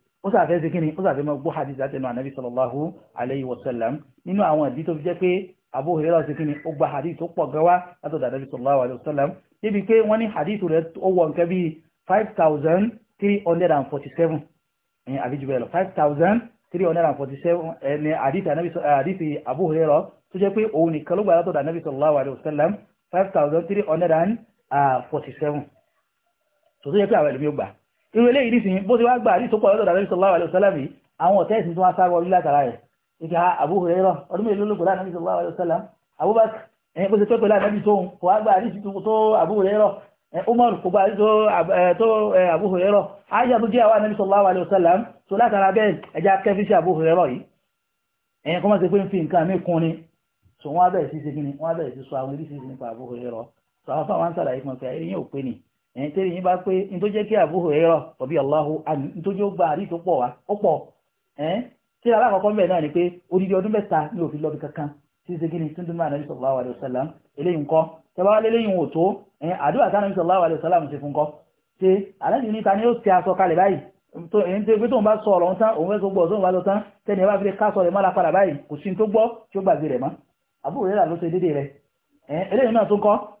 ó sàfẹ́ sí kíni ó sàfẹ́ mọ́ gbọ́ hadith látẹnu ànábì sallallahu alayhi wa sallam nínú àwọn ìdí tó fi jẹ́ pé Abu Hurairah sí kíni ó gba hadith tó pọ̀ gan wá látọ̀dọ̀ ànábì sallallahu alayhi wa sallam débi pé wọ́n ní hadith rẹ̀ ó wọ nǹkan bíi five thousand three hundred and forty seven ní àbíjú bẹ́ẹ̀ lọ five thousand three hundred and forty seven ní hadith ànábì eh, Abu Hurairah tó jẹ́ pé òun nìkan ló gbà látọ̀dọ̀ ànábì sallallahu alayhi wa sallam five thousand three hundred and forty seven tó tó jẹ́ pé àwọn ẹlòmíì ó ìrẹ̀lé yìí nísìnyí bó ti wá gbà àdìsí tó pọ̀ lọ́dọ̀ dàbí sallallahu alaihi wasallam yìí àwọn ọ̀tẹ́ ìsìn tó wá sáré wọlé látara rẹ̀ ìkà Abu Hurairah ọdún mélòó ló gbọ́dá nàbí sallallahu alaihi wasallam Abubakar ẹ̀yìn bó ti tó pẹ̀lú ànábì tóun kò wá gbà àdìsí tó Abu Hurairah Umar kò gbà tó Abu Hurairah Aisha tó jẹ́ àwọn ànábì sallallahu alaihi wasallam tó látara bẹ́ẹ̀ ẹja kẹfí sí Abu Hurairah yìí ẹ̀yìn kọ́mọ̀ sí pé ń fi nǹkan mí kún ni so wọ́n bẹ̀rẹ̀ sí ṣe kí wọ́n bẹ̀rẹ̀ sí sọ àwọn ilé sí nípa Abu Hurairah so àwọn fáwọn ń sàlàyé fún ọ pé ẹ̀yìn ò ẹ̀yìn tẹ́lẹ̀ yín bá pé ní tó jẹ́ kí Abu Hurairah ọ̀bí Allahu àmì ní tó jẹ́ ó gba àrí tó pọ̀ wá ó pọ̀ ẹ̀ẹ́n tí alákọ̀ọ́kọ́ mẹ́rin náà ni pé odidi ọdún mẹ́ta ni òfin lọ́bi kankan tí ṣe gíní tún dúnmọ́ ànábì sallallahu alaihi wasallam eléyìí ńkọ́ tẹ́wọ́ lélẹ́yìn wò tó ẹ̀yìn àdúrà tí ànábì sallallahu alaihi wasallam ṣe fún kọ́ ṣe ànábì ní ta ni ó ti aṣọ kalẹ̀ báyìí èyí tó gbé tóun bá sọ ọ̀rọ̀ tán òun fẹ́ tó gbọ́ tóun bá lọ tán tẹ́ni ẹ bá fi lè ká sọ rẹ̀ mọ́ra padà báyìí kò sí tó gbọ́ tí ó gbàgbé rẹ̀ mọ́ àbúrò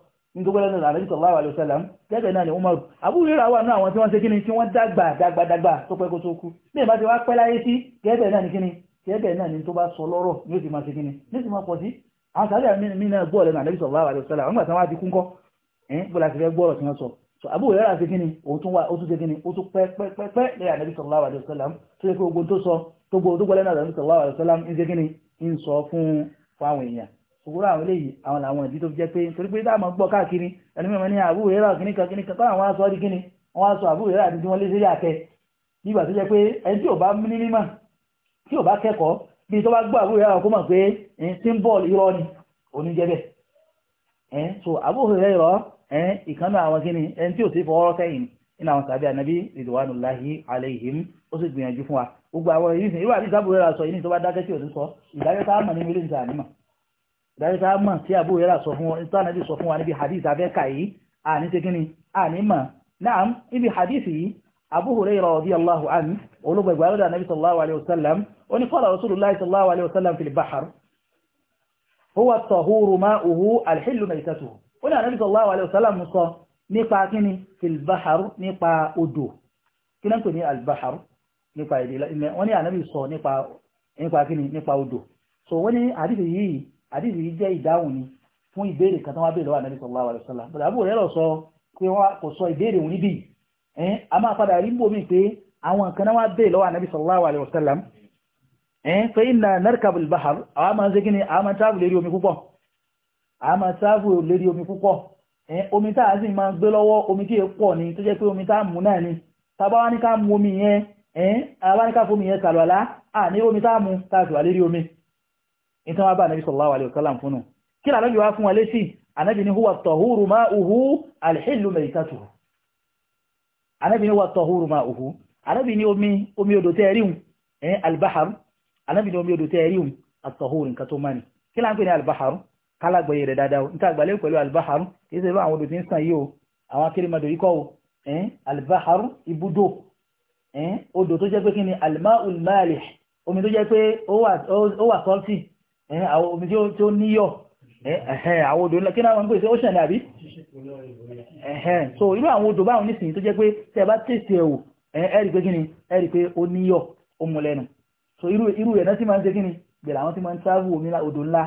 nítorí náà àrẹ́jì sallallahu alaihi wasallam gẹ́gẹ́ náà ni Umar Abu wà náà àwọn tí wọ́n ṣe kíni tí wọ́n dàgbà dàgbà dàgbà tó pẹ́ kó tó kú bí ìbá ti wá pẹ́ láyé sí gẹ́gẹ́ náà ni kíni gẹ́gẹ́ náà ni tó bá sọ lọ́rọ̀ ní òsì máa ṣe kíni ní òsì máa pọ̀ sí àwọn sàárẹ̀ àmì náà gbọ́ ọ̀lẹ́nu àrẹ́jì sallallahu tí wọ́n òwúrọ̀ àwọn eléyìí àwọn làwọn ìdí tó fi jẹ́ pé torí pé dáàmọ́ gbọ́ káàkiri ẹlẹ́mìíràn ní àbúrò rẹ̀ rà kíníkan kíníkan kọ́ àwọn aṣọ ọ́ di kíni wọ́n á sọ àbúrò rẹ̀ àdìdí wọn lé sílé àtẹ nígbà tó jẹ́ pé ẹni tí ò bá ní mímọ̀ tí ò bá kẹ́kọ̀ọ́ bí tó bá gbọ́ àbúrò rẹ̀ àwọn kó mọ̀ pé symbol irọ́ ni òní jẹ́ bẹ́ẹ̀ so àbúrò rẹ̀ rọ ìkànnì àwọn kíni ẹni tí ò sí fọwọ́rọ́ sẹ́yìn nínú àwọn sàbí ànábì ridwanullahi alaihim ó sì gbìyànjú fún wa gbogbo àwọn ìrísìn irú àbí ìsábùrẹ́ra sọ yìí ní tó bá dákẹ́ tí ò sí sọ ìdájọ́ tá a mọ̀ nínú ilé ìta ànímọ̀ dáríkà mọ̀ tí àbú rẹ̀ sọ fún wọn tánàbí sọ fún wa níbi hadith abẹ́ka yìí àní tí kíni àní mọ̀ náà níbi hadith yìí àbú Hurayra radiyallahu anhu olùgbẹ̀gbẹ̀ alódà nàbí sallallahu alayhi wa sallam ó ní qala rasulullahi sallallahu alayhi wa sallam fil bahr huwa at-tahuru ma'uhu al-hillu maytatuhu ó ní ànábì sallallahu alayhi wa sallam sọ nípa kíni fil bahr nípa odò kí náà ń pè wọ́n ní ànábì sọ nípa odò so wọ́n ní hadith yìí àdìsí yìí jẹ́ ìdáhùn ni fún ìbéèrè kan tó wá béèrè lọ́wọ́ ànábì sallallahu alaihi wasallam bọ̀dà àbúrò rẹ̀ lọ sọ pé wọ́n kò sọ ìbéèrè òun níbí ẹ̀ a máa padà rí mbòmí pé àwọn nǹkan náà wá béèrè lọ́wọ́ ànábì sallallahu alaihi wasallam ẹ̀ pé iná narkabu bahar àwọn máa ń segin ni àwọn máa tábù lérí omi púpọ̀ àwọn máa tábù lérí omi púpọ̀ ẹ̀ omi tá a sì máa ń gbé lọ́wọ́ omi tí èèpọ̀ ni tó jẹ́ pé omi tá a mú náà ni tábà wá ní ká mú omi yẹn ẹ̀ àbá ní ká fómi yẹn sàlọ́lá à ní omi tá a mú tá a sì wà lérí omi ìtàn wá bá ànábì sallallahu alaihi wasallam fúnnù kí ni ànábì wá fún wa lésì ànábì ni huwa tọ̀húrù máa uhu alhìlú mẹ́ìtàtù ànábì ni huwa tọ̀húrù máa uhu ànábì ni omi odò tẹ́ẹ̀ríhùn ẹ̀yìn albahar ànábì ni omi odò tẹ́ẹ̀ríhùn àtọ̀húrù nǹkan tó mani kí ni à ń pè ní albahar kálàgbọ̀yẹ̀ rẹ̀ dáadáa níta àgbàlẹ́ pẹ̀lú albahar kì í ṣe bá àwọn odò tí ń sàn yìí o àwọn akérèmọdò yìí kọ́ o ẹ̀yìn albahar àwọn omi tí ó níyọ̀ àwọn odò ńlá kí náà wọ́n ń pèsè ocean àbí so irú àwọn odò báwọn nísìnyí tó jẹ́ pé tẹ́ bá tèsè ẹ̀wò ẹ̀rì pé kíni ẹ̀rì pé ó níyọ̀ ó mú lẹ́nu so irú rẹ̀ náà sì máa ń ṣe kíni bẹ̀rẹ̀ àwọn tí máa ń travel omi odò ńlá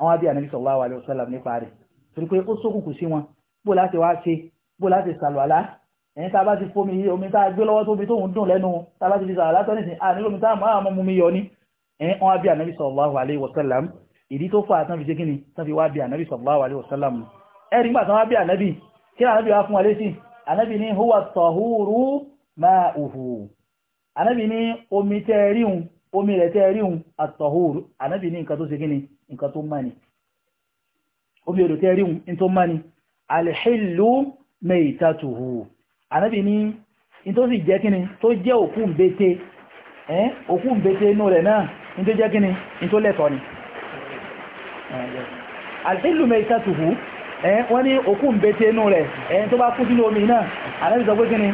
àwọn àbí ànábì sallallahu alaihi wasallam nípa rẹ̀ torí pé ó ṣókùnkùn sí wọn bó láti wá ṣe bó láti sàlùwàlá ẹ̀yìn tá a bá ti fomi omi tá a gbé lọ́wọ́ tóbi tóun dùn lẹ́nu tá a bá ti fi sàlùwàlá tọ́ nísìnyí à nílò omi tá a máa mọ́ mu mi yọ ni ẹ̀ wọ́n bí ànábì sallallahu alaihi wasallam ìdí tó fà tán fi jẹ́ kí ni tán fi wá bí ànábì sallallahu alaihi wasallam ẹ̀rí gbà tán wá bí ànábì kí ànábì wá fún wa létí ànábì ní huwa tahuru ma'uhu ànábì ní omi tẹ́ẹ̀ríhun omi rẹ̀ tẹ́ẹ̀ríhun àtọ̀húrú ànábì ní nǹkan tó ṣe gíní nǹkan tó mọ́ ni omi rẹ̀ tẹ́ẹ̀ríhun in tó mọ́ ni alhìlú mẹ́ìtàtùhù ànábì ní ní tó jẹ́ kíni ní tó lẹ́tọ̀ ni alhílù mẹ́sàtùhù ẹ wọ́n ní òkú ń bẹ́tẹ̀ inú rẹ̀ ẹ tó bá kú sínú omi náà anábì sọ pé kíni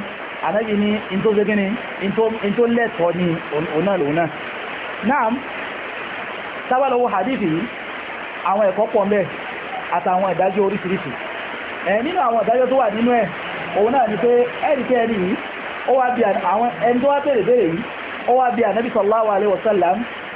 anábì ní tó jẹ́ kíni ní tó lẹ́tọ̀ ni òun náà lòun náà náà ni pé ẹ̀rì pé ẹni yìí ó wá bí àwọn ẹni tó wá bèèrè bèèrè yìí alaihi wasallam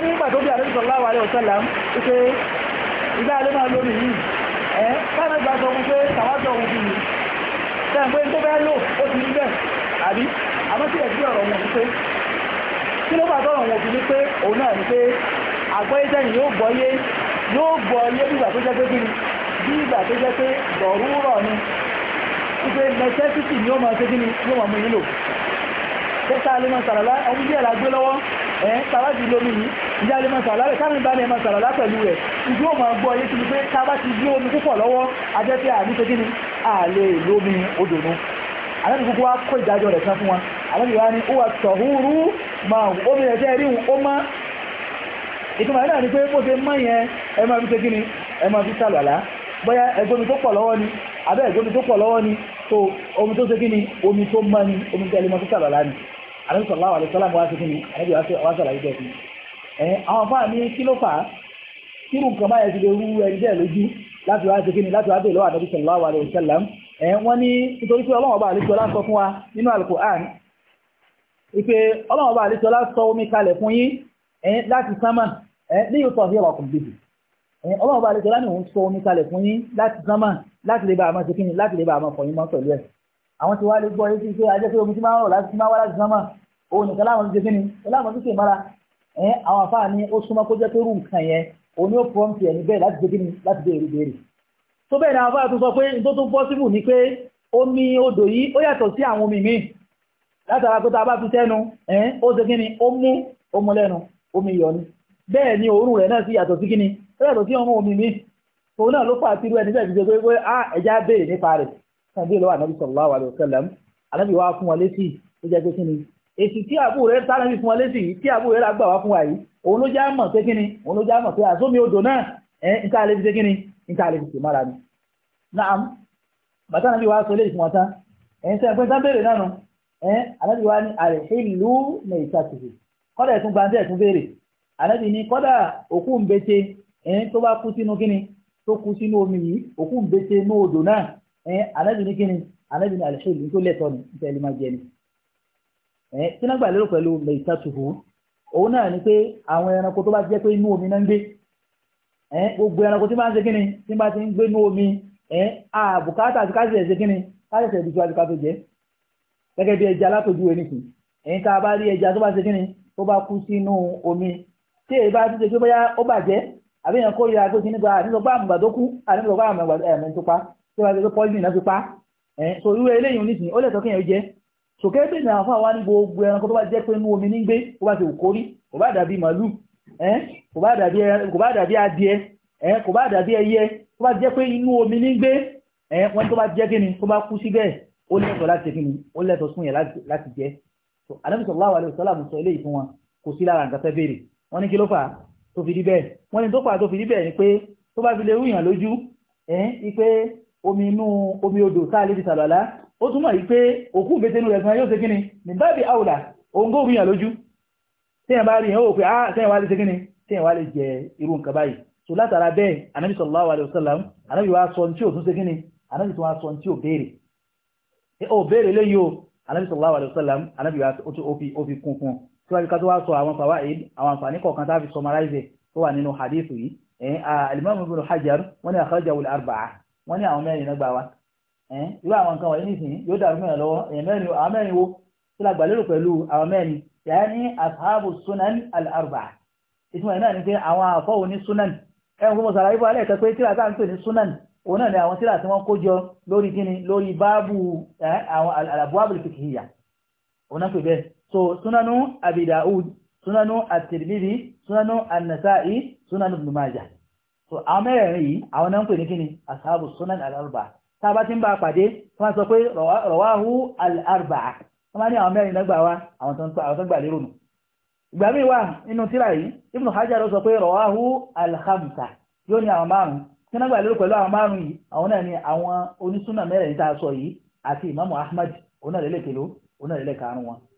wọ́n ní pàtó bí àdébìsọ̀ láwà alẹ́ òṣèlá wípé ìgbà alẹ́ máa lómi yìí ẹ́ káàmì gba sọ wípé tàwájọ òun bìí tẹ́ pé tó bẹ́ẹ̀ lò ó ti rí bẹ́ẹ̀ àbí àmọ́ sí ẹ̀sí ọ̀rọ̀ wọn wípé kí ló pàtó ọ̀rọ̀ wọn òbí ní pé òun náà ní pé àgbọ́yé tẹ́yìn yóò ìgbà ni wípé necessity ni ó máa ṣe kí ni yóò máa mú tó ká lè máa sàrànlá ọmọ díẹ̀ la gbé lọ́wọ́ ẹ̀ sàràjì lómi yìí ìyá lè máa sàrànlá rẹ̀ káàmì bá lè máa sàrànlá pẹ̀lú rẹ̀ ìdí ò máa gbọ́ yé ti pé ká bá ti gbé omi púpọ̀ a lè lómi odò nu àlẹ́ gbogbo wa kó ìdájọ́ rẹ̀ kan fún wa àlẹ́ ìwà ni ó wà tọ̀húrú máa omi rẹ̀ jẹ́ ríhun ó má ìtumọ̀ náà ni pé bó ṣe mọ́ yẹn ẹ máa fi ṣe kí ni ẹ máa fi tó pọ̀ lọ́wọ́ ni abẹ́ ìgbómi tó pọ̀ lọ́wọ́ ni tó omi tó ṣe kí ni omi tó mọ́ ni omi tó ẹlẹ́mọ́ tó sàbàlá ni àdébí sallallahu alaihi wasallam wá ṣe kí ni àdébí wá sàlàyé bẹ́ẹ̀ fún ẹ̀ àwọn fáà ní kí ló fà á kírù nǹkan báyẹn ti lè rú ẹni bẹ́ẹ̀ lójú láti wá ṣe kí ni láti wá bèèrè lọ́wọ́ àdébí sallallahu alaihi wasallam ẹ̀ wọ́n ní nítorí pé ọlọ́wọ́ bá àlejò ọlá sọ fún wa nínú Al-Qur'an ìpè ọlọ́wọ́ bá àlejò ọlá ọlọ́run bá lè ni ní òun sọ omi kalẹ̀ fún yín láti sánmà láti lè bá àmọ́ ṣe kíni láti lè bá àmọ́ fọyín mọ́ pẹ̀lú ẹ̀ àwọn tí wàá lè gbọ́ yín sí pé ajẹ́ pé omi ti máa ń rọ̀ láti máa wá láti sánmà òun nìkan láwọn ti ṣe kíni láwọn ti ṣe ìmọ̀ra ẹ̀ àwọn afáà ní ó súnmọ́ kó jẹ́ pé rú nǹkan yẹn òun yóò prompt ẹni bẹ́ẹ̀ láti ṣe kíni láti béèrè béèrè tó bẹ́ẹ̀ ni àwọn afáà tún sọ pé tó tún possible ni pé omi odò yìí ó yàtọ̀ sí àwọn omi míì látara ni bẹ́ẹ̀ ni òórùn bẹ́ẹ̀ ló kí ọmọ omi mi òun náà ló fà sí irú ẹni bẹ́ẹ̀ fi ṣe pé á ẹja béèrè nípa rẹ̀ kàn bí lọ́wọ́ ànábì sallallahu alaihi wasallam ànábì wá fún wọn létí ó jẹ́ pé kí ni èsì tí àbúrò rẹ̀ sáré fún wọn létí tí àbúrò rẹ̀ gbà wá fún wa yìí òun ló já mọ̀ pé kí ni òun ló já mọ̀ pé àsómi odò náà ẹ̀ ń ká lè fi ṣe kí ni ń ká lè fi ṣe mára ni. naam bàtà ànábì wá sọ léyìí fún wọn tán ẹ̀ ẹ̀yìn tó bá kú sínú kíni tó kú sínú omi yìí òkú ń bẹ́sẹ̀ inú odò náà ẹ̀yìn anábì ní kíni anábì ní àlẹ́sẹ̀ ìlú tó lẹ́tọ̀ ní ìtẹ́ ẹ̀lẹ́ máa jẹ ni. ẹ̀yìn tí nàgbà lérò pẹ̀lú mẹ́ta tùhù òun náà ni pé àwọn ẹranko tó bá jẹ́ pé inú omi náà ń gbé ẹ̀yìn gbogbo ẹranko tí máa ń ṣe kíni tí máa ti ń gbé inú omi ẹ̀yìn àbùkátà àti káṣẹ̀ ṣe kíni káṣẹ̀ ṣe ìdíjú àti gẹ́gẹ́ bí ẹja látòjúwe nìkan ẹ̀yin tá a bá rí ẹja tó bá ṣe kíni tó bá kú sínú omi tí èyí bá ti ṣe pé bóyá ó bàjẹ́ àbí èèyàn kó yíra pé kí nígbà àdínlọ́gbà àmùgbà tó kú àdínlọ́gbà àmùgbà ẹ̀mí tó pa tó wáyé pé poison náà fi pa so irú eléyìí nísìnyí ó lè tọ́ kéèyàn jẹ sòkè pé ìlànà fún àwa ní gbogbo ẹranko tó bá jẹ́ pé inú omi ní gbé ó bá ti wù kórí kò bá dàbí màálù kò bá dàbí adìẹ kò bá dàbí ẹyẹ tó bá jẹ́ pé inú omi ní gbé wọ́n tó bá jẹ́ kí ni tó bá kú síbẹ̀ ó ó lẹ́tọ̀ọ́ láti so Ànábì sallallahu alaihi wasallam sọ eléyìí fún wọn kò sí tó fi rí bẹ́ẹ̀ wọ́n ní tó pa tó fi rí bẹ́ẹ̀ ni pé tó bá fi lè rúyàn lójú ẹ̀ pé omi inú omi odò tá a lè fi sàlọ́lá ó túmọ̀ yìí pé òkú ìgbésẹ̀nu rẹ̀ gan yóò ṣe kíni ní báàbí àwòlà òun kò rúyàn lójú téèyàn bá rí yẹn ó pé ah téèyàn wá lè ṣe kíni téèyàn wá lè jẹ irú nǹkan báyìí so látara bẹ́ẹ̀ anabi sallallahu alayhi wa sallam o tún ṣe kíni anabi tún wa sọ tí o béèrè ó béèrè léyìí síwájú ká tó wá sọ àwọn fawaid àwọn àǹfààní kọ̀ọ̀kan tá a fi summarize tó wà nínú hadith yìí alimami ibn hajar wọ́n ní àkọ́jàwò arba'a wọ́n ní àwọn mẹ́rin lọ́gbà wa irú àwọn nǹkan wọ̀nyí nìsín yóò dàrú mẹ́rin lọ́wọ́ àwọn mẹ́rin wo tí la gbàlérò pẹ̀lú àwọn mẹ́rin yàrá ní ashabu sunan al-arba'a ìtumọ̀ náà ni pé àwọn àfọ́wò ní sunan ẹ̀rùn fún mọ̀sára ibò alẹ́ ìtẹ́pẹ́ tíra tá ń pè ní sunan òun náà ni àwọn tíra tí wọ́n kó jọ lórí kíni lórí báàbù àwọn al-abwab al-fiqhiyya òun náà pè bẹ́ẹ̀ so sunanu abi daud sunanu at-tirmidhi sunanu an-nasa'i sunanu ibn majah so àwọn mẹ́rẹ̀ẹ̀rin yìí àwọn náà ń ashabu sunan al-arba'a tá bá tin bá pàdé wọ́n sọ pé rawahu al-arba'a wọ́n ní àwọn mẹ́rin lagba wa àwọn ton àwọn ton gba lérò nu ìgbà mi wà nínú tírà yìí ibn hajar sọ pé rawahu al-khamsa yóò ní àwọn márùn tin gba lérò pẹ̀lú àwọn márùn yìí àwọn náà ni àwọn onísùnnà mẹ́rẹ̀ẹ̀rin tá sọ yìí àti imam ahmad ona lele kelo ona lele karùn wọn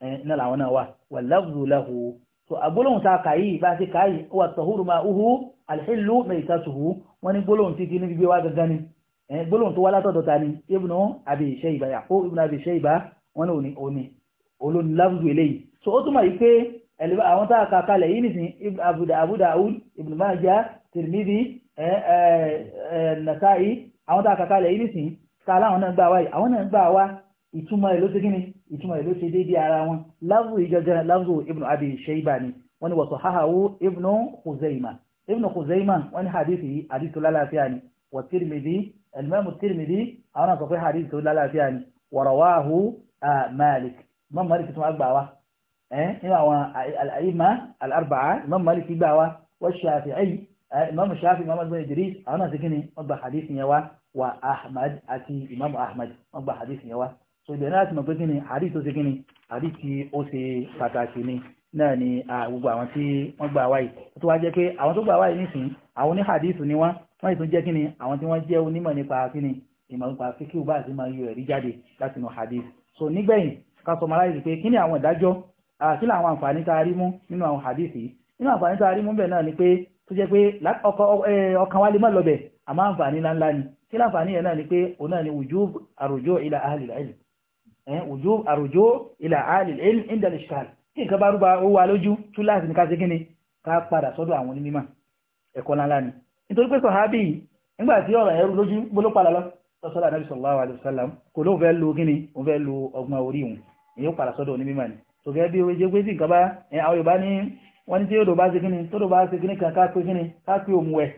Eh, iná làwọn náà wà wà lafzu lahu so agbólóhùn tá a kà yìí bá a ti kà yìí ó wà tahuru ma'uhu alhillu maitatuhu wọ́n ní gbólóhùn títí ní gbígbé wá gangan ni eh, gbólóhùn tó wá látọ̀dọ̀ ta ni ibnu abi shayba yàkó ibnu abi shayba wọ́n ní òní òní olóni lafzu eléyìí so ó túmọ̀ yìí pé àwọn tá a kà kalẹ̀ yìí nìsín abu dawud ibnu ìtumọ̀ rẹ̀ ló ṣe déédé ara wọn láfù ìjọjọ láfù ibnu abi shayba ni wọ́n ní wa sahahahu ibnu khuzaima ibnu khuzaima wọ́n ní hadithi hadithu lálàáfíà ni wa tirmidhi alimami tirmidhi àwọn àkọ́kọ́ hadithu lálàáfíà ni wa rawahu malik imam malik tún wá gbà wá nínú àwọn àìmá al-arba'a imam malik gbà wá wa shafi'i imam shafi imam ibn idris àwọn àti kíni wọ́n gba hadith yẹn wá wa ahmad àti imam ahmad wọ́n gba hadith yẹn wá so ibẹ̀ náà ti mọ̀ pé kí ni àdìsí tó ṣe kí ni àdìsí ó ṣe pàtàkì ni náà ni gbogbo àwọn tí wọ́n gbà wáyé tó wá jẹ́ pé àwọn tó gbà wáyé nísìnyí àwọn oní àdìsí ni wọ́n wọ́n sì jẹ́ kí ni àwọn tí wọ́n jẹ́ onímọ̀ nípa kí ni ìmọ̀ nípa fíkíù bá àti máa yọ ẹ̀rí jáde láti nù hadith so nígbẹ̀yìn ká sọ mara ìrìn pé kí ni àwọn ìdájọ́ kí ni àwọn àǹfààní tá a rí mú nínú àwọn hadith yìí nínú àǹfààní tá a rí mú bẹ̀ náà ni pé tó jẹ́ pé ọkàn wa lè má lọ bẹ̀ àmọ́ àǹfààní ńláńlá ni kí ni yẹn náà ni pé òun náà ni wujub àròjọ ila ahli al Eh, wujub àrùjó ila alil ilm inda al-ishkal tí nǹkan bá rúbà ó wà lójú tún láti ní ká ṣe kíni ká padà sọ́dọ̀ àwọn onímọ̀ ẹ̀kọ́ ńláńlá ni nítorí pé sọ̀hábì nígbà tí ọ̀rọ̀ ẹ̀rú lójú gbóló padà lọ sọ́sọ́dọ̀ anábì sallallahu alaihi wasallam kò ló fẹ́ lo kíni ó fẹ́ lo ọgbọ́n orí òun èyí ó padà sọ́dọ̀ onímọ̀ ni tó gẹ́ bí oje pé tí nǹkan bá eh, àwọn yorùbá ní wọ́n ní tí yóò bá ṣe kíni tó bá ṣe kíni kan ká pé kíni ká pé òun wẹ̀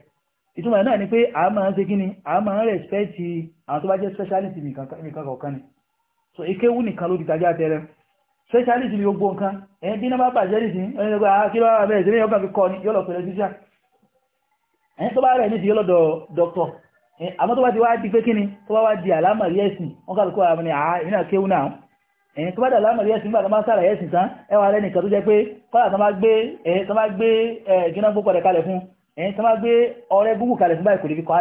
ìtumọ̀ náà ni pé àá máa ń ṣe kíni àá máa ń rẹ̀spẹ́tì àwọn tó bá jẹ́ speciality nìkan kọ̀ọ̀kan ni so ikéwú nìkan ló dìtàjá tẹ́rẹ specialist ni gbogbo nǹkan ẹ̀yìn bí náà bá bàjẹ́ nìsín ẹni ẹgbẹ́ akíwá ah, abẹ́rẹ́ ìsinmi ọgbà fi kọ́ ní yọ́lọ̀ pẹ̀lẹ́ jíjá ẹni tó bá rẹ̀ nìsí yọ́lọ̀ dọ̀tọ̀ àmọ́ tó bá ti wá di pé kíni tó bá wá di àlámàrí ẹ̀sìn wọ́n kà lóko àwọn àá ìrìn àkéwú náà ẹ̀yìn tó bá di àlámàrí ẹ̀sìn nígbà tó máa sára ẹ̀sìn tán ẹ wà rẹ̀ nìkan tó jẹ́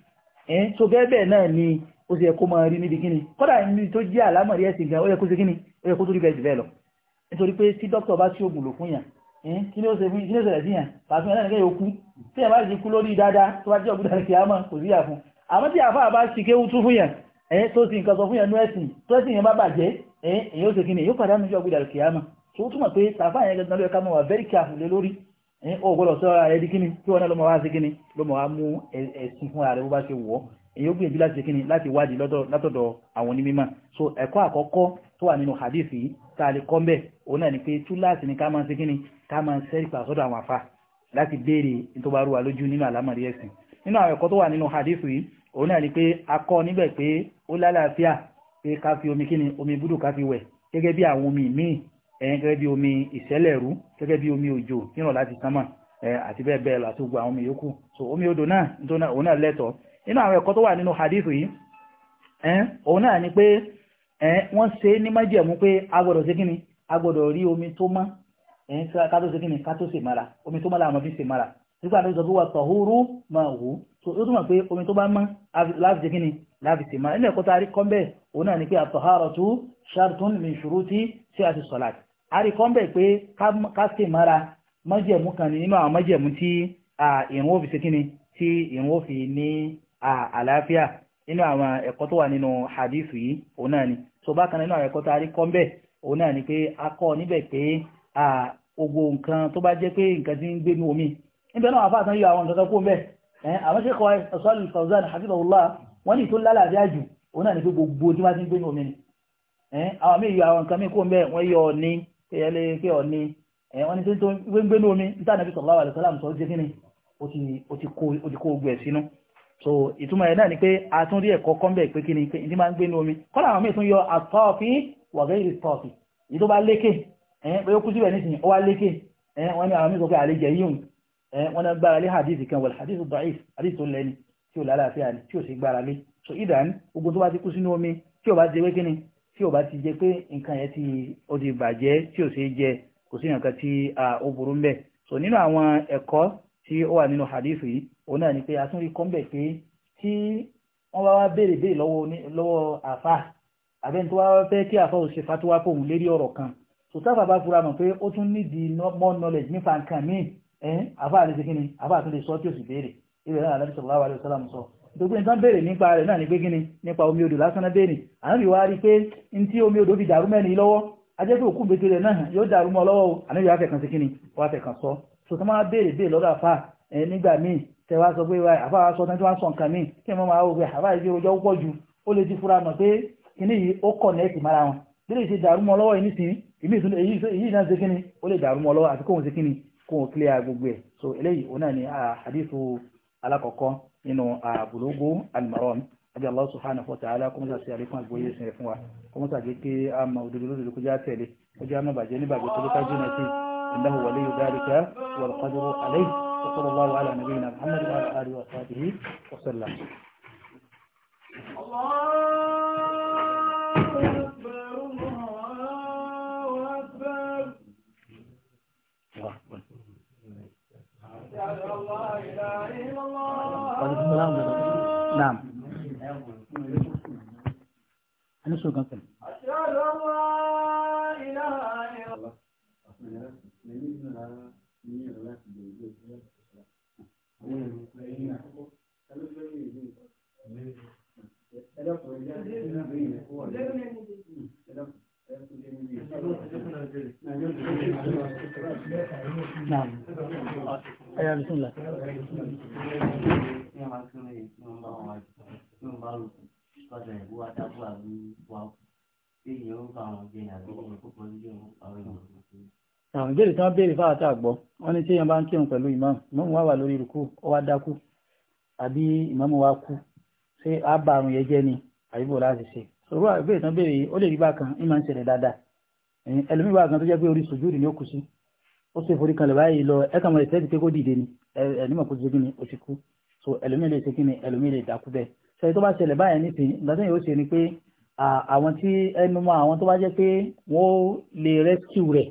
ẹ̀ tó bẹ́ẹ̀ náà ni ó sì yẹ kó máa rí níbi kíni kódà níbi tó jẹ́ àlámọ̀rí ẹ̀sìn gan ó yẹ kó ṣe kíni ó yẹ kó tó rí bẹ́ẹ̀ jù bẹ́ẹ̀ lọ nítorí pé tí dókítà bá sí oògùn lò fún yàn kí ni ó ṣe fún kí ni ó ṣẹlẹ̀ sí yàn pàṣẹ náà nìkan yóò kú tí yàn bá sì kú lórí dáadáa tó bá jẹ́ ọ̀gbìn àti àmọ́ kò sí yà fún àmọ́ tí àfa bá sì kéwú tún fún yàn ẹ̀ tó sì nǹkan sọ fún yàn nú ẹ̀sìn tó ẹ̀sìn yẹn bá bàjẹ́ ẹ̀ èyí ó ṣe kíni yóò padà nù sí ọ̀gbìn àti àmọ́ tó túmọ̀ pé tàfà yẹn gangan ló ó gbọ́dọ̀ sọ́ra rẹ̀ di kíni tí wọ́n náà lọ́mọ wá sí kíni lọ́mọ wá mú ẹ̀sìn fúnra rẹ̀ bó bá ṣe wọ̀ èyí ó gbìyànjú láti kíni láti wádìí látọ̀dọ̀ àwọn onímọ̀ so ẹ̀kọ́ àkọ́kọ́ tó wà nínú hadith yìí tá a lè kọ́ mbẹ̀ òun náà ni pé túláàsì ni ká máa ṣe kíni ká máa sẹ́rí pàṣọ́dọ̀ àwọn àfa láti béèrè tó bá rú wa lójú nínú àlámọ̀rí ẹ̀sìn nínú àwọn ẹ̀kọ́ tó wà nínú hadith yìí òun náà ni pé a níbẹ̀ pé ó lálàáfíà pé ká fi omi kíni omi búdù ká fi wẹ̀ gẹ́gẹ́ bí àwọn omi míì ẹ̀yìn gẹ́gẹ́ bí omi ìṣẹ́lẹ̀rú gẹ́gẹ́ bí omi òjò nírọ̀ láti sánmà àti bẹ́ẹ̀ bẹ́ẹ̀ lọ àti omi yòókù so omi odò náà nítorí òun náà lẹ́tọ̀ọ́ nínú àwọn ẹ̀kọ́ tó wà nínú hadithu yìí òun náà ni pé wọ́n ṣe ní májẹ̀mú pé agbọ́dọ̀ ṣe kíni agbọ́dọ̀ rí omi tó mọ́ ẹ̀yìn ká tó ṣe mara omi tó mọ́ làwọn ṣe mara nígbà tó sọ pé wà tọ̀húrú máa túmọ̀ pé omi tó bá mọ́ láti ṣe kíni láti ṣe mara nínú ẹ̀kọ́ a rí òun pé àríkọ́ńbẹ̀ pé kásìkè mara májẹ̀mú kan ni nínú àwọn májẹ̀mú tí ìrun òfin ṣekínni tí ìrun òfin ní àlàáfíà nínú àwọn ẹ̀kọ́ tó wà nínú hadith yìí òun náà ni so bákan nínú àwọn ẹ̀kọ́ tó àríkọ́ńbẹ̀ òun náà ni pé akọ́ níbẹ̀ pé ogbò nǹkan tó bá jẹ́ pé nǹkan ti ń gbé ní omi níbẹ̀ náà àfa àtàn yọ àwọn nǹkan kan kó ń bẹ̀ àwọn ṣe kọ́ ṣọ́ọ̀lù Fawzan hafizahullah wọ́n ní tó lálàáfíà jù òun náà ni ni kéèyàn lè pé ọ̀ni ẹ̀ wọ́n ní tó ń gbénú omi níta nàbí sallallahu alaihi wasallam sọ jẹ́ kínní ó ti kó ogun ẹ̀ sínú so ìtumọ̀ ẹ̀ náà ni pé a tún rí ẹ̀kọ́ kọ́ńbẹ̀ pé kínní pé ìdí máa ń gbénú omi kọ́lá àwọn míì tún yọ àtọ́ọ̀fì wọ̀gẹ́ ìrì tọ́ọ̀fì èyí tó bá lékè ẹ̀ pé ó kú síbẹ̀ nísìnyí ó wá lékè ẹ̀ wọ́n ní àwọn míì sọ pé àlejò yíyùn so ìdán ogun tó bá ti kú sínú omi tí ò bá ti jẹ pé nǹkan yẹn ti ó ti bàjẹ́ tí ò ṣeé jẹ kò sí nǹkan tí ó burú mbẹ̀ so nínú àwọn ẹ̀kọ́ tí ó wà nínú hadith yìí òun náà ni pé a tún rí kọ́ mbẹ̀ pé tí wọ́n bá wá béèrè béèrè lọ́wọ́ àfa àbẹ́ni tó wá fẹ́ kí àfa ò ṣe fatuwa kó òun lérí ọ̀rọ̀ kan so táfà bá fura mọ̀ pé ó tún nídìí more knowledge nípa nǹkan míì àfa àlejò kí ni àfa àtúndì sọ tí ò sì béèrè ìrẹ̀lẹ́ àlejò sọ̀rọ̀ gbogbo nǹkan béèrè nípa rẹ̀ náà ni pé nípa omi odò lásán náà wá rí pé n tí omi odò fi dàrú mẹ́rin lọ́wọ́ ajẹ́ òkú gbèsè rẹ̀ náà yóò dàrú mọ́ lọ́wọ́ wá sí wá sọ so tó máa béèrè béèrè lọ́dọ̀ àfà nígbà míì tẹ wá sọ pé àfà wa sọ tán tí sọ nǹkan míì kí wọ́n máa wò pé àfà pọ̀ ju ó lè ti fura mọ̀ pé kíní yìí ó kọ̀ nẹ́ẹ̀tì mára wọn bí lè ṣe dàrú mọ́ lọ́wọ́ yìí nísìnyí ìmí ìtúndé nínú àbúlógó almaron àbí Allah subhanahu wa ta'ala kó mọ́sá sí àlékún àgbóyè ìsìn fún wa kó mọ́sá jẹ́ kí a mọ òdodo lódodo já tẹ̀lé kó já má bàjẹ́ ní níbàjẹ́ tó lóka jìnà sí innahu waliyyu dhalika wal qadiru alayhi wa sallallahu ala nabiyyina Muhammad wa ala alihi wa sahbihi wa sallam. Allah Naam. Ani so kan kan. نعم ايوه بسم الله tí wọ́n béèrè fáwọn àtàgbọ́ wọ́n ní tí èèyàn bá ń kírun pẹ̀lú ìmáàmù ìmáàmù wà wà lórí ìrùkú ó wá dákú àbí ìmáàmù wá kú ṣé á bá àrùn yẹn jẹ́ ni àyíbò láti ṣe òru àgbẹ̀ ìtàn béèrè ó lè rí bákan ní máa ń ṣẹlẹ̀ dáadáa ẹlòmíì wà kan tó jẹ́ pé orí sùjúdù ni ó kù sí ó sì forí kanlẹ̀ ni ẹ̀ẹ́dìmọ̀ kó ti ṣe so ẹlòmíì lè ṣe ni ẹlòmíì lè dákú báyìí nípìn ìgbàdàn yóò ṣe ni pé àwọn tí ẹnu mọ àwọn tó bá jẹ́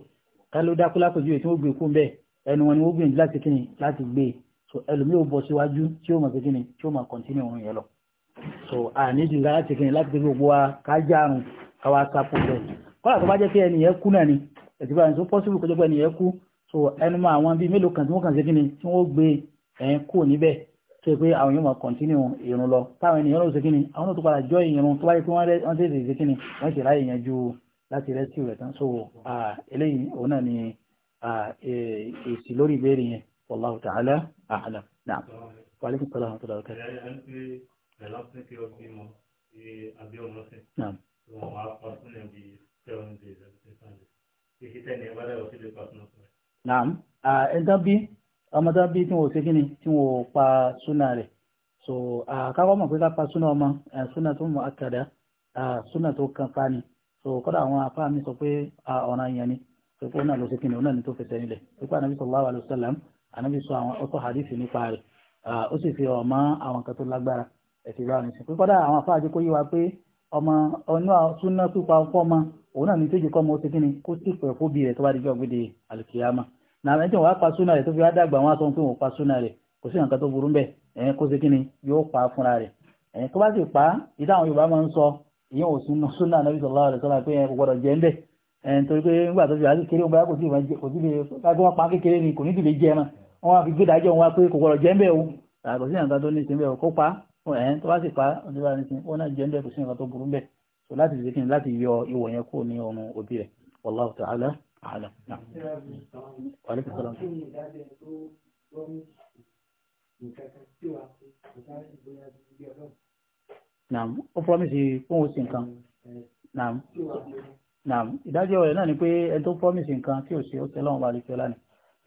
ká ló dákú lápòjú èyí tí wọ́n gbé kú ń ẹnu wọn ni wọ́n gbìyànjú láti kíni láti gbé e so ẹlòmíì ò bọ̀ síwájú tí ó mọ̀ pé kíni tí ó mọ̀ kọ́ntínú òun yẹn lọ so àníjù láti kíni láti kíni gbogbo wa ká já àrùn ká wá sápò bẹ̀ kọ́lá tó bá jẹ́ pé ẹni kú náà ni ẹ̀sìnbá ẹni tó pọ́sibú kọjọ́ pé ẹni kú so ẹnu mọ àwọn bíi mélòó kan tí wọ́n kàn sí kíni tí wọ́n gbé ẹ̀yìn kú níbẹ̀ tó yẹ pé àwọn yóò mọ̀ kọ́ntínú ìrun lọ táwọn ènìyàn ló ṣe kíni àwọn náà tó padà jọ ìrun tó bá yẹ pé wọ́n ju láti rẹ́síù rẹ̀ tán so eléyìí òun náà ni e, èsì lórí ìbéèrè yẹn wallahu ta'ala a'lam náà wàhálà kí pẹ̀lú àwọn tó dára kẹrẹ. naam ẹ̀ńtàn bí ọmọdé bí tí wọ́n ṣe kí ni tí wọ́n pa súnà so káwọn pé ká pa súnà ọmọ súnà tó súnà tó kan pa ni. so kọ́dà àwọn afá mi sọ pé ọ̀nà yẹn ni pé ó náà ló ṣe kíni ó náà ní tó fẹsẹ̀ nílẹ̀ pípa anabi sallallahu alaihi wasallam anabi sọ àwọn ọkọ̀ hadithi nípa rẹ̀ ó sì fi ọmọ àwọn kan tó lágbára ẹ̀sìn ìlú àrùn sí pé kọ́dà àwọn afá àjẹkọ́ yìí wá pé ọmọ ọ̀nà súnà pípa ọkọ̀ ọmọ òun náà ní tó jẹ́ kọ́ ọmọ ó ṣe kíni kó sì pẹ̀ fó bí rẹ̀ tó bá dijọ́ gbéde alìkìyàmà nàmẹ́ tí wọ́n á pa súnà rẹ̀ tó ìyẹn ò sínú súnà nàbí sọlá rẹ̀ sọlá pé kò gbọdọ̀ jẹ́ ńbẹ̀ ẹn torí pé nígbà tó fi àti kéré wọn bá kò sí ìwà jẹ kò sí lè kájú wọn pa kékeré ni kò ní ìdílé jẹ ẹran wọn wá fi gbé dájọ́ wọn pé kò gbọdọ̀ jẹ́ ńbẹ̀ o àgọ́ sí nǹkan tó ní ìsìn bẹ́ẹ̀ kó pa ẹn tó bá sì pa ọdúnrà ní ìsìn wọn náà jẹ́ ńbẹ̀ kò sí nǹkan tó burú ńbẹ̀ so láti lè kí ni láti yọ ìwọ̀ yẹn kúrò ní ọrùn òbí rẹ̀ wallahu ta'ala a'lam naam ó promise fóun ó sì nǹkan naam naam ìdájọ́ rẹ̀ náà ni pé ẹni tó promise nǹkan tí ò sí ó tẹ́lọ́ wọn bá lè fi ọlá ni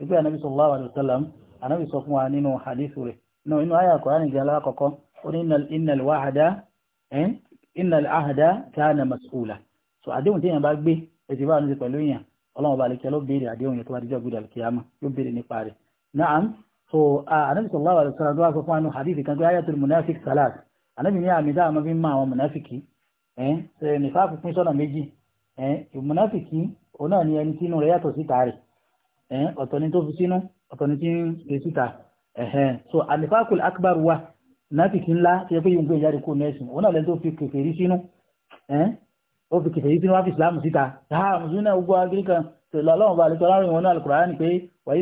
ìgbé anabi sallallahu alayhi wa sallam anabi sọ fún wa nínú hadith rẹ̀ náà inú àyà Kùránì nìjẹ́ alákọ̀ọ́kọ́ ó ní innal wa'ada eh, innal ahda kana mas'ula so àdéhùn tí èèyàn bá gbé ẹ̀sìn bá ní pẹ̀lú èèyàn ọlọ́run ọba àlekẹ́ ló béèrè àdéhùn yẹn tó bá dijọ́ gbé dàlùkìyàmà yóò béèrè nípa rẹ̀ naam so anabi sallallahu alayhi wa sallam tó wá sọ fún wa nínú hadith kan pé ayatul munafiq salat ànábì ní àmì dáhà máa fi ń mọ àwọn mùnáfìkì nìfàákù pín sọ́nà méjì mùnáfìkì òun náà ni ẹni tínú rẹ̀ yàtọ̀ síta rẹ̀ ọ̀tọ̀ ni tó fi sínú ọ̀tọ̀ ni tí ń fi síta so ànìfàákù akbar wa mùnáfìkì ńlá ti yẹ pé yóò gbé ìjáde kó nẹ́ẹ̀sìn òun náà lẹ́ni tó fi kèfèrí sínú ó fi kèfèrí sínú wá fi ìsìlámù síta dáhà mùsùlùmí náà gbogbo agiri kan lọ́lọ́run bá àlejò alárin wọn náà Al-Qur'ani pé wàyí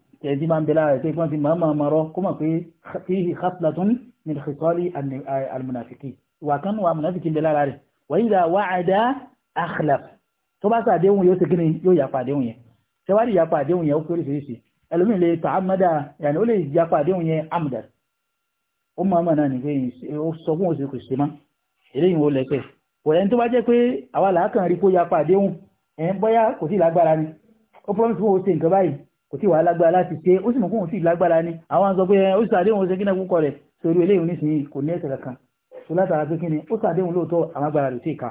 tẹ̀sí máa ń bẹ lára ẹ̀sẹ̀ pọ́n ti máa máa mọ̀rọ̀ kó mọ̀ pé fihi khaslatun min khisali almunafiki ìwà kan wà munafiki ń bẹ lára rẹ̀ wa idha wa'ada akhlaf tó bá sá àdéhùn yóò ṣe kí ni yóò yàpa àdéhùn yẹn ṣẹwádìí yàpa àdéhùn yẹn ó pé oríṣiríṣi ẹlòmíì lè tọ́ amada yàní ó lè yàpa àdéhùn yẹn amada ó máa mọ̀ náà ní pé ó sọ fún òṣèlú kìsì mọ́ eléyìí ó lẹ́sẹ̀ kò tó bá jẹ́ pé àwa làákàn rí kó yàpa àdéhùn ẹ̀ ń bọ́yá kò sí lágbára ni ó promise fún òṣèlú nǹkan báyìí kò tí wàá lágbára láti ṣe ó sì mọ̀ kóhun sí lágbára ni àwọn sọ pé ó sì àdéhùn ṣe gínà púpọ̀ rẹ̀ sórí eléyìí nísìnyí kò ní ẹ̀sẹ̀ kankan tó látara pé kíni ó sàdéhùn lóòótọ́ àwọn agbára rẹ̀ sí ìka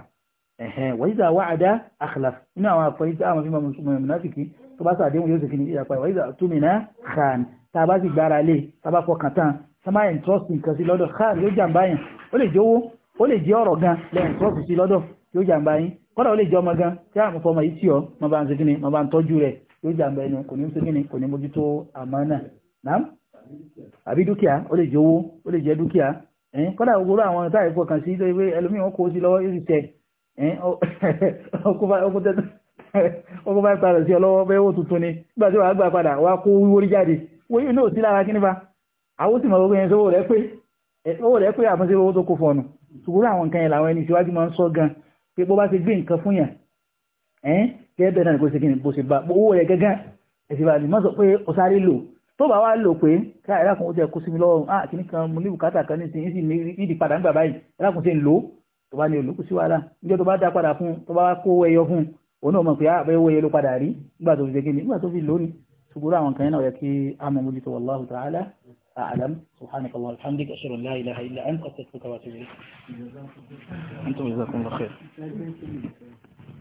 ẹ̀hẹ̀n wàyíṣà wà àdá akhlaf nínú àwọn àpẹẹsẹ àwọn fíìmù mọ̀nàfìkì tó bá sàdéhùn yóò ṣe kíni ìyàpá wàyíṣà túmìnà khan tá a bá sì gbára lé tá a bá fọkàn tán sábà ẹ̀ ń trọ́sì nǹkan sí lọ́dọ̀ khan yóò jàǹbá yẹn ó lè jówó ó lè jẹ́ ọ̀rọ̀ gan lẹ́yìn trọ́sì sí lọ́dọ̀ yóò jàǹbá yín kọ́dà ó lè jẹ́ ọmọ gan tí àwọn ọmọ yìí tì mọ yóò jàǹbá ẹnu kò ní ń sókè ni kò ní mójútó àmánà náà àbí dúkìá ó lè jẹ́ owó ó lè jẹ́ dúkìá ẹ̀yìn kọ́dà gbogbo àwọn ọ̀tá ìfọ̀ kan sí pé ẹlòmíì wọn kó sí lọ́wọ́ yóò sì tẹ ọkọ̀ bá padà sí ọlọ́wọ́ bẹ́ẹ̀ ó tuntun ni nígbà tí wàá gbà padà wàá kó wíwórí jáde wọ́n yóò náà sí lára kí nípa àwọn ó sì mọ̀ gbogbo yẹn sọ́wọ́ rẹ̀ pé owó rẹ̀ pé àfúnṣe owó tó kó fọ̀nù ṣùgbọ́n àwọn nǹkan yẹn làwọn ẹni síwájú máa ń sọ gan pé bó bá ti gbé nǹkan fún yàn gẹ́gẹ́ náà ni kò ṣe kíni bó ṣe bá owó rẹ̀ gẹ́gẹ́ ẹ̀sìn bá ní mọ́ sọ pé ó sáré lò tó bá wá lò pé ká ẹ̀rákùn ó jẹ́ kó sí mi lọ́rùn ah kìíní kan mo ní bùkátà kan nísìnyí sì ní ìdí padà ń gbà báyìí ẹ̀rákùn ṣe ń lò tó bá ní olùkú sí wàhálà níjọ́ tó bá dá padà fún tó bá kó ẹyọ fún òun náà mọ̀ pé àbẹ̀ ah, owó ẹyẹ padà rí nígbà tó fi ṣe nígbà tó fi lónìí ṣùgbọ́n àwọn kan náà yẹ kí a mọ̀ mójútó wallahu ta'ala a'lam subhanaka allahumma wa bihamdika ashhadu an la ilaha illa anta astaghfiruka wa atubu ilayk